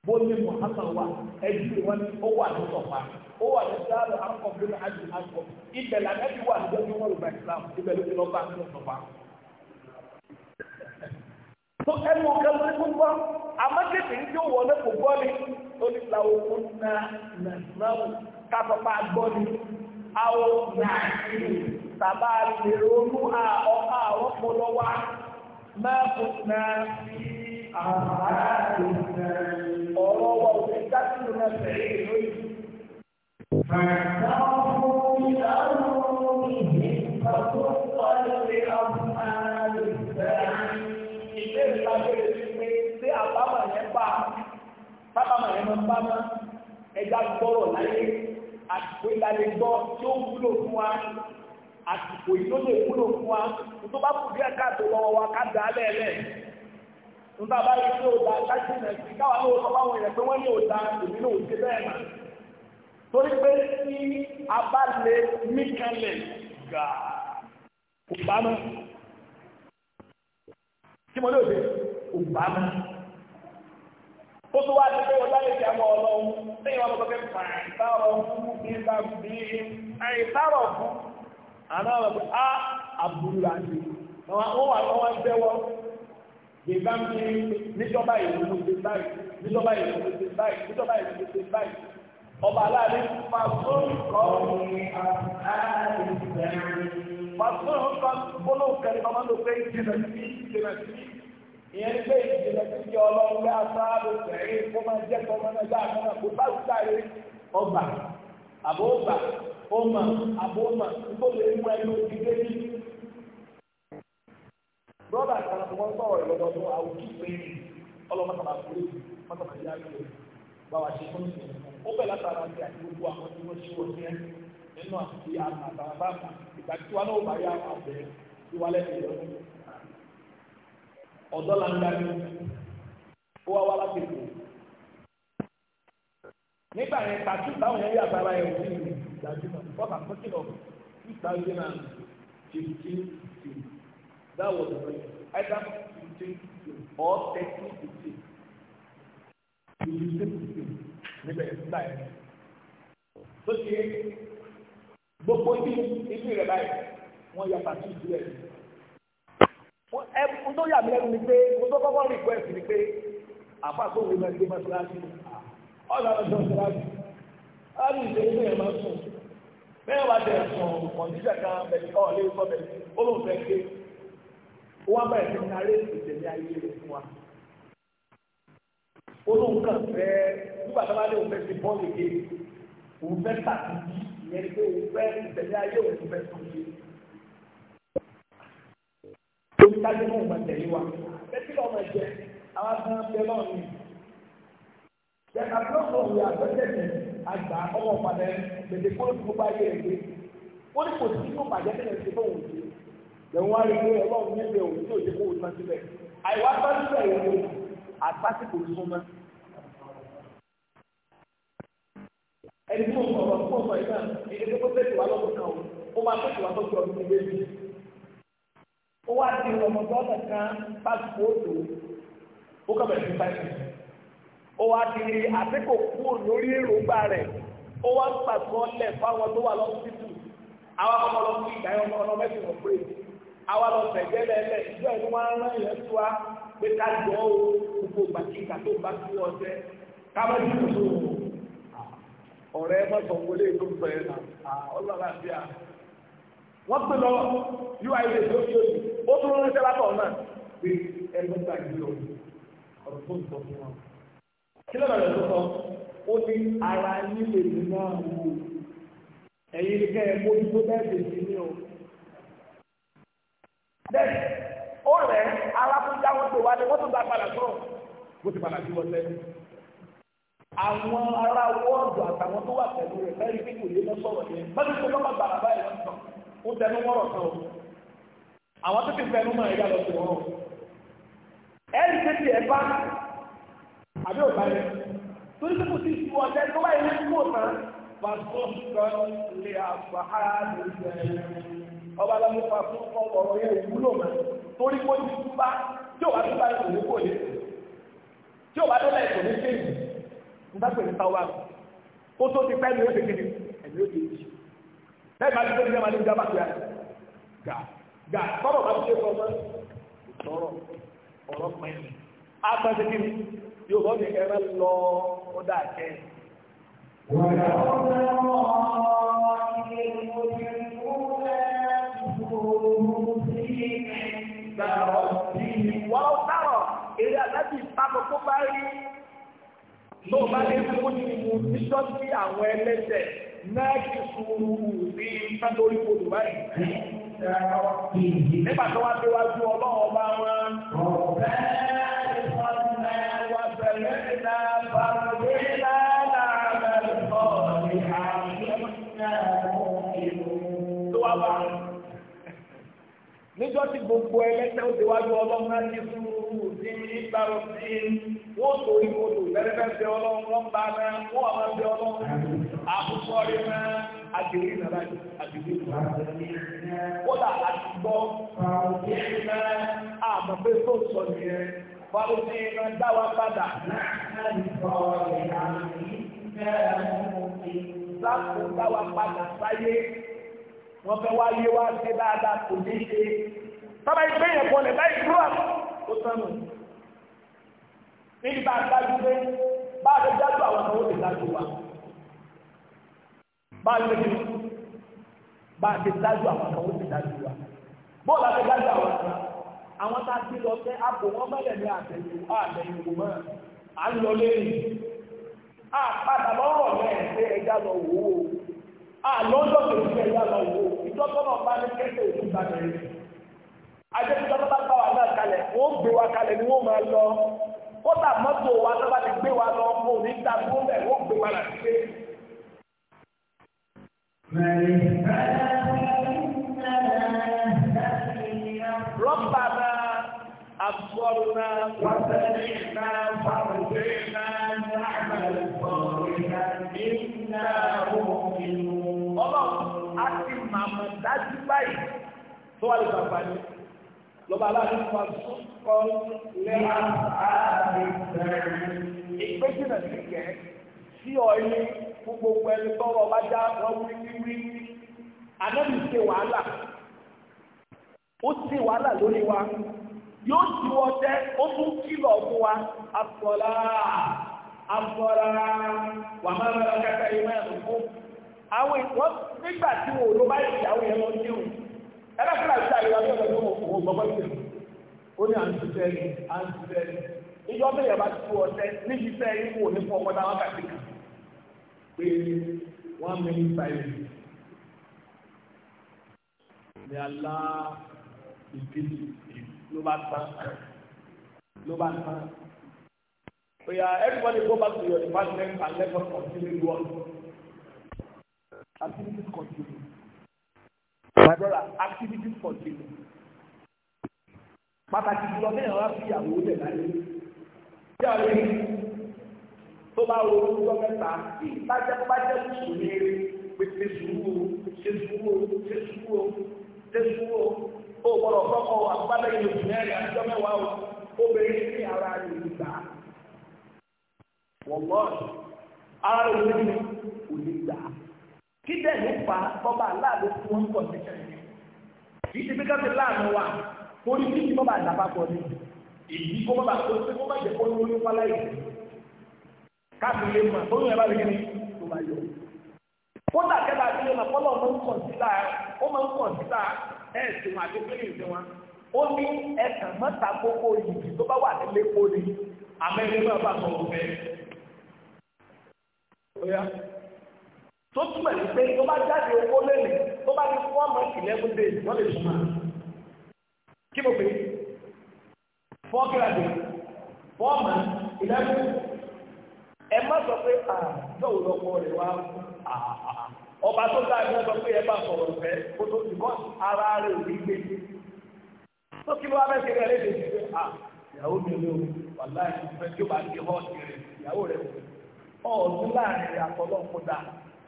bó ní Muhammad wa ẹjú wọn ó wà ní ụwa, ó wà ní sáàlù akọbílẹ àti akọ ibẹ̀ là ẹbí wà ní ọdún wọn Islam ibẹ̀ ló ti àmọ́ wọlé kò gbọ́ ni. onígbà ogun na nàìjíríà kápápá gbọ́ni àwọn nàìjíríà tàbá lèrò mú ọ̀pá àwọn pọlọ́wà mẹ́kùn náà sí àwọn ọ̀rọ̀ ụzọ òfin dásìlú náà tẹ̀lé lórí. sábàmà ẹ̀ máa ń bá mọ́ ẹja gbọ́rọ̀ láyé àsìkò ìlàlè gbọ́ tí ó wúlò fún wa àsìkò ìlóde wúlò fún wa tó bá kù díẹ̀ káàtó lọ́wọ́ wa ká dà á lẹ́ẹ̀lẹ́ nígbà bá yẹ kí o da káṣí nà sí káwa ní o sọ fáwọn èèyàn pé wọ́n ní o da èmi ní o ṣe bẹ́ẹ̀ mà torí pé tí a bá lè mí kanlẹ̀ gàá kò bá mọ́ kí mo lóde kò bá mọ́ ó tó wá ti pé ọjọ́ lè jẹ́ àwọn ọlọ́run tí wọ́n lọ́kọ́ pé pàìtàrọ̀ fún nígbà bí i àìtàrọ̀ fún àná ọ̀rọ̀ pé á ah, àbúrú láti wọ́n wà lọ́wọ́ jẹ́wọ́ gbèbá mi níjọba ìlú ló ti báyìí níjọba ìlú ló ti báyìí ọmọdé pé jìnnà sí jìnnà sí ìyẹn ní pé ìjìnlẹ̀ tí jẹ́ ọlọ́run lé aṣáájú tẹ̀rí kó máa jẹ́ kó máa dá àwọn náà kó sáré ọgbà àbóògbà ọmọ àbóòmà nígbò lè mú ẹni yìí. kan wọ́n sọ̀rọ̀ àwùjọ máa ṣe fún mi. ó bẹ̀ látara ti àti gbogbo ọ̀dọ́ la ń darí ó wá wá láti kù. nígbà yẹn tàbí táwọn yẹn yà bára yẹn wọ́n ti dájú náà wọ́n kà fún kìlọ̀ two thousand and fifteen fifteen that was the rate either fifteen fifteen or thirteen fifteen fifteen fifteen níbẹ̀ nígbà yẹn. tó ti gbogbo ibi ibi rẹ̀ báyìí wọ́n yà tàbí ìdílé rẹ̀. ẹkùn tó yà mí lẹ́nu ni pé mo tó kọ́kọ́ request ni pé àpapọ̀ òwe máa gbé mọ́ṣáláṣí ọ̀nà ọ̀dọ́ mọ́ṣáláṣí láti ìṣe ilé ẹ̀ máa sùn bẹ́ẹ̀ wá tẹ̀ sùn kọ̀ǹdíṣà kan bẹ̀rẹ̀ ọ̀ lé sọ bẹ̀rẹ̀ ó fẹ́ ké wọ́n bẹ̀rẹ̀ sí ayé rẹ̀ fún wa olóhùn kan fẹ́ nígbà tó bá òun fẹ́ ti bọ́ọ̀lù òun fẹ́ lórí kájú mọ́ ọmọ tẹ̀lé wa bẹ́tí lọ́ ọmọ ẹ̀jẹ̀ àwọn asan bẹ́ẹ̀ náà ni ṣe àbúrò òwe àgbẹ̀tẹ̀tẹ̀ àgbà ọmọ padà gbèdé kó lóko bá yẹ ẹgbẹ́ ó ní kò sí kó bàjẹ́ tẹ̀lé fún òun ṣe lẹ́wọ́n wá rí pé ọlọ́run ní ilé òun tí ò jẹ́ kó wọ́n síbẹ̀ àìwá bá síbẹ̀ yẹn ni àtàkùn súnmọ́ ẹni tó ń sọ̀rọ̀ fún ọ̀sán ìgbà ìdílé tó tẹ̀síwá lọ́dún kan ó máa tẹ̀síwá tó ó wá di ọmọdọ́nà kan pásítọ̀ òtò ó kọ̀ bẹ̀rẹ̀ sí pásítọ̀ ó wá di àtẹ́kọ̀ kúrò lórí èròǹgbà rẹ̀ ó wá pàṣọ lẹ̀ fáwọn tó wà àwọn ọmọ lọ sí ìgbà yẹn ọmọ mẹ́sìn ọ̀pẹ́ àwọn lọ tẹ̀gẹ́ lẹ́lẹ̀ ìjọ rán tó wa pé ká gbogbo tó bá tó wọlé wọ́n pè lọ uia tó fi òyìn ó tún rán iṣẹ́ látọ̀ náà pé ẹgbẹ́ta ìlú ọ̀rọ̀ tó ń sọ fún wọn. kí lọ́dọ̀ rẹ̀ tó sọ ó ní ara nílé mi náà wò ẹ̀yin kẹ́ ẹ mójú tó bẹ́ẹ̀ lè fi ní o. bẹ́ẹ̀ ó rẹ̀ alákúndá wọn tó wá ní wọ́n tún bá padà sọ̀rọ̀ bó ti padà sí wọn lẹ́nu. àwọn ará wọ́ọ̀dù àtàwọn tó wà pẹ̀lú rẹ̀ lẹ́yìn pípò yé lọ́sọ̀rọ̀ yẹn ó tẹnu mọ́rọ̀ kan o àwọn tó ti fẹnu mọ́ ẹ̀yà lọ sí wọn ẹ̀rí tètè ẹ̀ bá àbí ò bá yẹ torí pé kò sí ìṣú ọ̀tẹ́ tó bá yẹ kó tán pàṣẹ kan lè àgbà ara lè jẹ ọba lọ́mú pàṣẹ kan ọ̀rọ̀ yẹn ìwúlò mọ́ torí pé ó ti tú bá tí ò bá tó bá yẹ kò ní kò ní tí ò bá tó bá yẹ kò ní kéyìí nígbà pẹ̀lú táwa kó tó ti ní bẹ́ẹ̀ bá ti tó ìjọba ní ìjọba pé gà gà tọrọ bá ti tó ọmọ ìtọrọ ọ̀rọ̀ pẹ̀lú agbẹ́sẹ̀kí ni yóò bọ́ ní ẹran lọ ó dà jẹ́ wọ́n sárọ̀ eré aláàbí ìpapọ̀ tó bá rí tó bá lè fún ìmú nítorí àwọn ẹlẹ́sẹ̀ náà kí sùúrù ní sátórí kodò báyìí. Nígbà tó wá dé wájú ọlọ́run tó wá bá wọn. Níjọ́ tí gbogbo ẹlẹ́tẹ̀ ó déwájú ọlọ́run náà kí sùúrù ní ìgbà wọ́n tó ní odò bẹ́rẹ́bẹ́ bẹ ọlọ́run lọ́mbà náà wọ́n wà máa ọlọ́run àkókò rí náà àgbèrè nàrà àgbèrè nàrà kódà gbọ́ àmọ̀pé tó sọ nìyẹn dáwà padà dáwà padà sáyé wọ́n fẹ́ wá yé wá sí dáadáa kò ní ṣe báyìí dúró tó sánú níbi bá dájú pé bá a lè dájú àwọn ọmọ òde dájú wa bá a lè dájú àwọn ọmọ òde dájú wa bóòlù àti dájú àwọn ọmọ àwọn tá a ti lọ sẹ àpò wọn mẹlẹ ní mọ à ń lọ padà mẹ́rin pé ẹja lọ wò ó lọ́jọ́ ẹja lọ wò ó ìjọba náà bá ní òkú bá wà náà kalẹ̀ wọ́n gbé wa kalẹ̀ kódà mọ́tò wa tó bá ti gbé wa lọ fún òní ta fún bẹ́ẹ̀ wọ́n gbé wa láti gbé. rọ́bà náà àbúrò náà wọ́n náà fáwọn náà ní àmàlẹ́ ọ̀rẹ́ ní náà wọ́n ọlọ́run á ti màmú dájú báyìí tó wà lè bàbá yìí lọ́ba aláàbí fún asúkọ lẹ́la ààrẹ ìpèsè náà sì kẹ́ sí ọ̀yẹ́ fún gbogbo ẹni tọ́wọ́ bá já wọn wíwíwí anábì ṣe wàhálà ó ṣe wàhálà lórí wa yóò ti wọ tẹ ó tún kìlọ̀ fún wa asọ̀lá asọ̀lá wàhálà kẹta ìmọ̀ ẹ̀rọ fún àwọn ìwọ́n nígbà tí wò ló bá ìyàwó yẹn lọ sí òun ẹ̀rọ kan àti àyíká tó lọ́dún òun gbọ́gbọ́ sí i ó ní àǹtíṣẹ́ ni àǹtíṣẹ́ ni ìjọ bẹ̀rẹ̀ bá tú ọtẹ níbi tẹ́ ẹ wò ní fún ọmọdé àwọn kàtí kan pé one minute silence ní alá ìdílé ló bá tán ló bá tán. We are everybody go back to your department and let us continue work. Activities continue my brother activities continue pàtàkì jùlọ bẹ́ẹ̀ wá fi ìyàwó lẹ̀ láyé yà rí tó bá wo olùkọ́ mẹ́ta tí ìtajà bá jẹ́ mùsùlùmí pété sùúrù ṣe sùúrù ṣe sùúrù ṣe sùúrù ó gbọ́dọ̀ kọ́kọ́ àgbàdo yìí oṣù mẹ́rin àjọ mẹ́wàá o obìnrin ní ara rẹ̀ ìgbà wọ́n gbọ́ ara rẹ̀ òní ìgbà kí dẹ̀ ló fà á bọ́ba aláàbò fún wọn kọ̀ ní sẹ́yìn kì í ṣe píkà sí láàánú wa torí kí ni bọ́ba àdàbà pọ̀ ní èyí kó bọ́ba tó ṣe kó má jẹ́ kó lórí wálá yìí káàkiri lè mà tó yẹn bá rí ní tó bá yọ. kódà kẹ́ta àti lè mà kọ́lọ̀ máa ń kọ̀ síta ó máa ń kọ̀ síta ẹ̀sìn wọn àti pínlẹ̀ ìsìn wọn ó ní ẹ̀sán mọ́ta gbogbo yìí tó bá wà nílé kó ni àmẹ́rin tó túmọ̀ ní pé tó bá jáde owó lẹ́nu tó bá ní four months eleven days wọ́n lè súnmọ́ kí mo pè é four kíláàsì four months eleven ẹ má sọ pé àdóò ah, lọ́pọ̀ rẹ̀ wá ah, ah, ọba tó dáa ní ọjọ́ pé ẹ bá sọ̀rọ̀ ìfẹ́ kó tó ti kọ́ ara rẹ̀ ò ní gbé tó kí ló wá fẹ́ ṣe rẹ̀ léde sí pé à ìyàwó mi ló wà láì fẹ́ tí ó bá ti họ́ sí rẹ̀ ìyàwó rẹ̀ ọ̀ọ́dún láàrin rẹ̀ àtọ́lọ́kúndà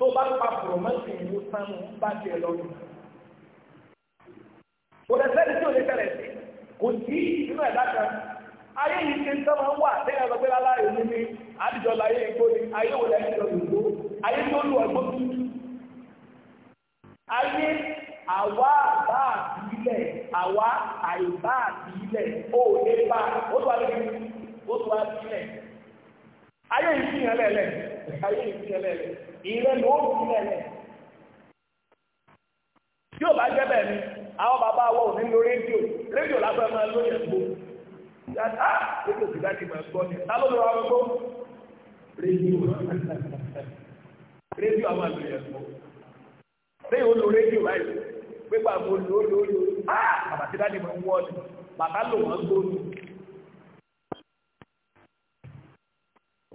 tó bá pa pòròmọ́sì ìlú sánú bá tiẹ̀ lọ́rùn. kò lè sẹ́ni tí ò lè tẹ̀lé sí kò sí inú ẹ̀dá kan ayé yìí ti ń sọ́mọ ń wà tẹ́lẹ̀ lọ pé lálá èmi ni àdìjọ láyé ìgbó ni ayé wò lẹ́yìn lọ lòdó ayé tó lù ọgbọ́n tuntun. ayé àwa bá àbílẹ̀ àwa àìbá àbílẹ̀ ó lè bá ó tó wá lórí ó tó wá sílẹ̀. ayé ìfihàn lẹ́lẹ̀ ayé ìfihàn lẹ́lẹ̀ ìrẹ́ ló ń fi lẹ́lẹ̀ tí ò bá jẹ́ bẹ́ẹ̀ ni àwọn bàbá wọ òní lo rédíò rédíò lábẹ́ máa lóye gbó yàtá rédíò ti dá máa gbọ́ ni ta ló lọ redio gbó rédíò rédíò àwọn àlùyẹ gbó lẹ́yìn ó lo rédíò báyìí lò ó lò ó lò ó àbàtí máa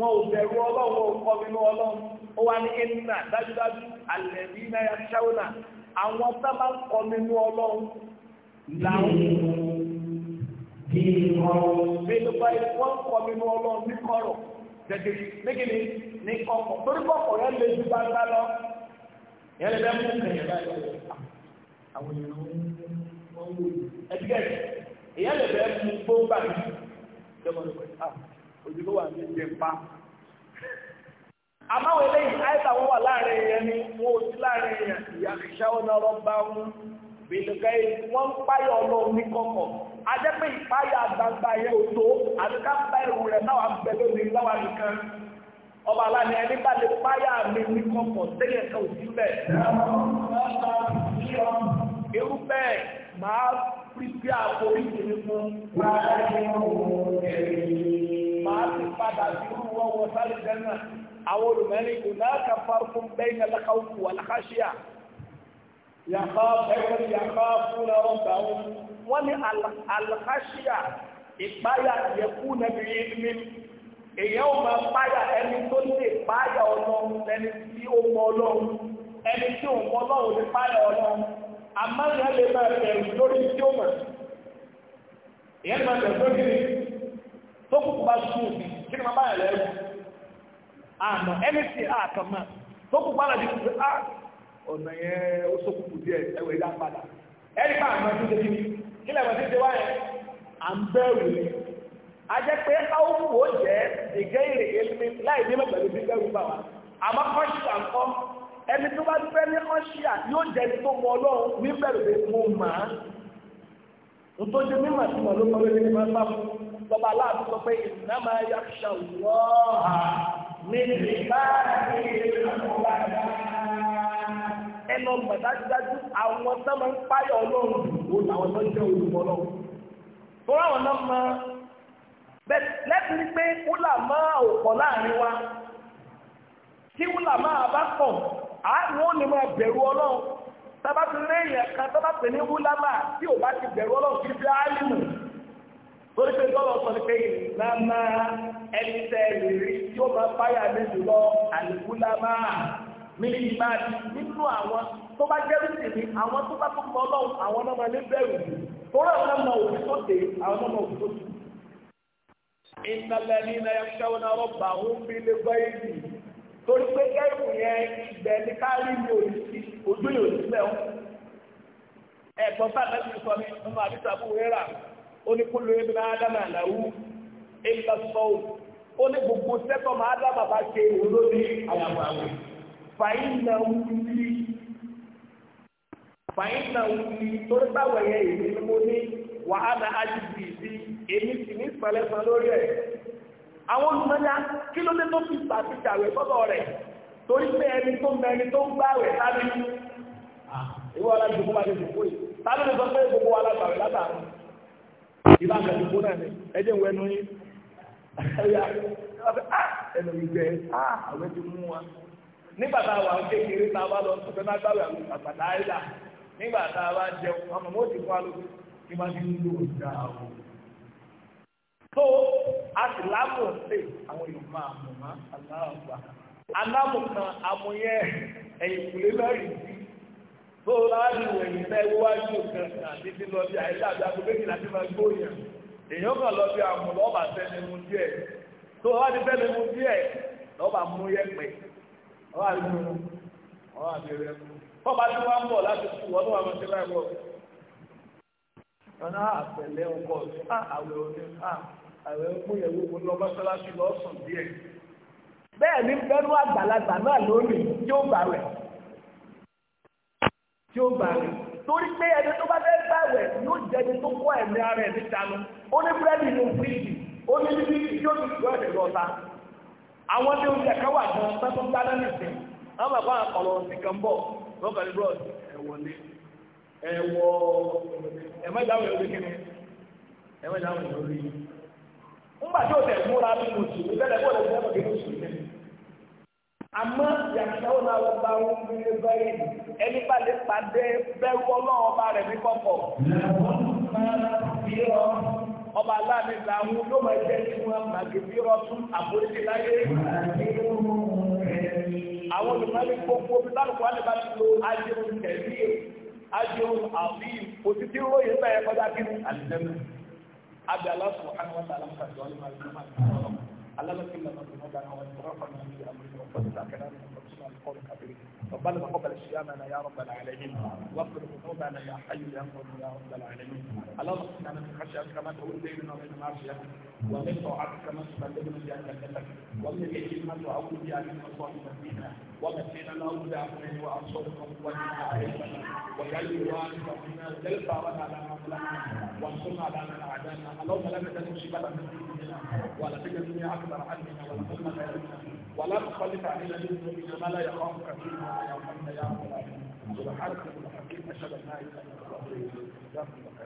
wọn ò bẹ̀rù ọlọ́run wọn ò kọminú ọlọ́run ó wá ní ẹnìnà dájúdájú àlẹ́bí náírà ṣáwọ́nà àwọn tá máa ń kọminú ọlọ́run làwọn nínú báyìí wọ́n kọminú ọlọ́run ní kọ̀rọ̀ gẹ́gẹ́ ní torí yẹn lè ju bá lọ yẹn lè bẹ́ òdìbò wà ní ìjẹ pa. àmọ́ eléyìí àìsàn wọn wà láàrin èèyàn ni wọn ò sí láàrin èèyàn ìyá ìṣàwọn náà lọ bá wọn bìnnìkan yìí wọ́n ń páyọ̀ ọlọ́run ní kọ̀kọ̀ ajẹ́pẹ́ ìpáyà gbangba yẹn ò tó àdúgbà bá ẹrù rẹ̀ náà bẹ lónìí láwa nìkan ọba aláàánú ẹni bá lè páyà mi ní kọ̀kọ̀ tẹ́lẹ̀ kan ò sí bẹ́ẹ̀. irú bẹ́ẹ̀ máa pípé àforíjì mi fún. wàá ṣe é wọ́n wọ́n kẹ́rin padà irú wọn wọ sáré jẹ́nà àwọn olùmẹ́rin kò náà kà fárúkú bẹ́yìn alákàwùkù alákàṣíà yàtọ̀ ẹ̀wọ̀n yàtọ̀ fúnra ọgbà wọn wọ́n ní alákàṣíà ìpáyà yẹkú nàbí yìí èyàn ò máa páyà ẹni tó lè páyà ọlọ́run ẹni tí ó mọ ọlọ́run ẹni tí ò mọ ọlọ́run lè páyà ọlọ́run àmọ́ ìyá lè máa bẹ̀rù lórí tí ó mọ̀ ìyá máa bẹ̀rù lórí tó kùkù bá sùn òfin kí ni máa bá yẹn lẹ́rù àmọ́ ẹni tí a kàn tó kú pàdé ju pé a ah, ọ̀nà yẹn ó sókùkù díẹ̀ ẹ̀wẹ̀ ìdá padà ẹni bá àmọ́ tó débi kí lẹ́wọ̀n tó dé wáyé à ń bẹ̀rù ni a jẹ́ pé káwọn wò jẹ́ ìgẹ́ ìrèké láì ní mẹ́gbẹ̀lú bí bẹ́rù bá wa àmọ́ kọ́ṣù àǹkọ́ ẹni tó bá fẹ́ ní ọ́ṣíà yóò jẹ́ ẹni tó mọ ọlọ́run ní bẹ̀rù pé mo mà á nítorí mímọ̀ sí mọ̀ ló lọ́ba aláàbí sọ pé ìnáma yàtọ̀ wọ́ọ̀hà ní ìbáraẹni ìrìnàmọ́lá ẹnu ọgbà dájúdájú àwọn tó máa ń páyọ̀ ọlọ́run ó làwọn tó ń jẹ́ olùkọ́ lọ́wọ́ tó láwọn náà mọ lẹ́tìrí pé wúlà máa ò láàrin wa tí wúlà máa bá pọ̀ àánú ó ní máa bẹ̀rù ọlọ́run tábàtì lẹ́yìn ẹ̀ka tábàtì ní wúlà máa tí ò bá ti bẹ̀rù ọlọ́run kì fi áálì torí pé bọ́lá sọ ní pé ìlànà ẹni tẹ́ ìrírí tí ó máa fáyà ní jùlọ àlùkùlá máa mílí ìmáà nínú àwọn tó bá jẹ́ àwọn tó bá tó àwọn ọmọ ilé bẹ̀rù torí àwọn ọmọ òfin tó tè àwọn ọmọ òfin tó tè. ìnàlẹ̀ ní ilẹ̀ ẹ̀ṣẹ́ wọn náà rọ́bà ó ń bí torí pé yẹn ní kárí ó ní kó lóye bíi ádámà làwù ìlà sọ́ọ̀ ó ní gbogbo sẹ́tọ̀ máa ádámà bá ṣe olóde àwọn àwẹ̀ fàyín náà wù mí fàyín náà wù mí torí báwọ̀ yẹn èmi ni mo ní wàhálà ájúbì sí èmi sì ní ìpàlẹ́sàn lórí ẹ̀ àwọn olùmọ̀lá kí ló dé tó fi pàṣípàwẹ̀ sọ́dọ̀ rẹ̀ torí pé ẹni tó ń bẹ ẹni tó ń gbàwẹ̀ sábẹ́ ah. ìwọ alájùmọ̀ bá ti dùn fún yìí sábẹ́ lè sọ pé gbogbo alájùmọ̀ látàrí ìbá àgbàdo kó náà ni ẹjẹ ìwé ẹnu yín ẹnu mi gbẹ àwọn ẹjẹ mú wa nígbà tá a wà kékeré tá a bá lọ sọfẹ náà gbàgbé àwọn àgbàdo àyílà nígbà tá a bá jẹun àmọ́ mo ti fún wa lóko kí wọ́n ti ń lò ó dáa o. tó a sì lámù ṣe àwọn èèyàn máa má aláàbà alámù kan amúyẹ ẹ̀yìnkùlé lọ́rìí tó láàrin ìwẹ̀yìn náà wájú kan àti ti lọ bí àìsà àti àgbo méjìlá ti máa gbóyàn èèyàn kan lọ bí àmú lọ́ọ̀bà sẹ́ni mu díẹ̀ tó wá ti sẹ́ni mu díẹ̀ lọ́ọ̀bà mú yẹ̀pẹ̀ ọ̀hà rí mu ọ̀hà rí rẹ̀ mu kọ́ba tí wọ́n ń bọ̀ láti kú wọ́n tó wà lọ́sí láì wọ̀ ọ̀nà àpẹ̀lẹ́ ọkọ̀ àwẹ̀ òní àwẹ̀ òkúyẹ̀wò mo lọ mọ́sálásí lọ́sùn díẹ̀ bẹ́ẹ̀ ni bẹ́ẹ̀ ní àgbàlagbà náà lónìí tí ó gbà rẹ̀ tí ó gbà rí torí pé ẹni tó bá fẹ́ yóò jẹni tó kọ́ ẹ̀mí ara ẹ̀mí dànù ó ní búrẹ́dì inú fíìdì ó ní bíbí tí ó gbọ́ ẹ̀dẹ̀ lọ́ta àwọn tí ó ń tẹ̀ka gan ọ̀rọ̀ nìkan bọ̀ bros ẹ̀wọ̀ ẹ̀mẹ́dáwọ̀ ẹ̀mẹ́dáwọ̀ àmọ́ yàtọ̀ náà wọ́n bá wọn bí lè bẹ́ẹ̀ ẹni bá lè pàdé bẹ́ẹ̀ wọ́n náà ọba rẹ̀ ní kọ̀kọ̀. ọba aláàmì làwọn ló máa jẹ́ kí wọ́n màgì bí rọ́tún àforíjì láyé. àwọn olùmọ̀lẹ́ gbogbo bí lálùkọ́ wọn lè bá ti lo ajéhùn tẹ̀lé ajéhùn àbí òtítí ròyìn bẹ́ẹ̀ kọjá kí ni àlùfẹ́mẹ́. abẹ́ aláṣọ àwọn ọ̀tá aláṣọ àti ọ̀lẹ́mọ̀ àlùfẹ́mọ̀ àti ọ̀lọ́mọ̀ alábẹ́sẹ̀ lọ́mọ̀ tó mọ́ فضلك كلام ربنا القول تقبل صيامنا يا رب العالمين واغفر ذنوبنا يا حي يا قيوم يا رب العالمين اللهم اغفر لنا خشيتك كما تقول بيننا وبين معصيتك ومن طاعتك كما تبلغنا من جنتك ومن اليقين ما تعود بها من مصائب فينا ومتنا له بأمرنا وأبصارنا وقوتنا أعيننا وجعل الوارث منا وجعل ثارنا على من وانصرنا على من أعدانا اللهم لا تجعل مصيبة في ديننا ولا تجعل الدنيا أكبر عنا ولا تجعل منا ولا تخلف علينا الاذن انما لا يخاف كثيرا ولا يرحمنا يا رب العالمين سبحانك اللهم وبحمدك اشهد ان لا اله الا انت استغفرك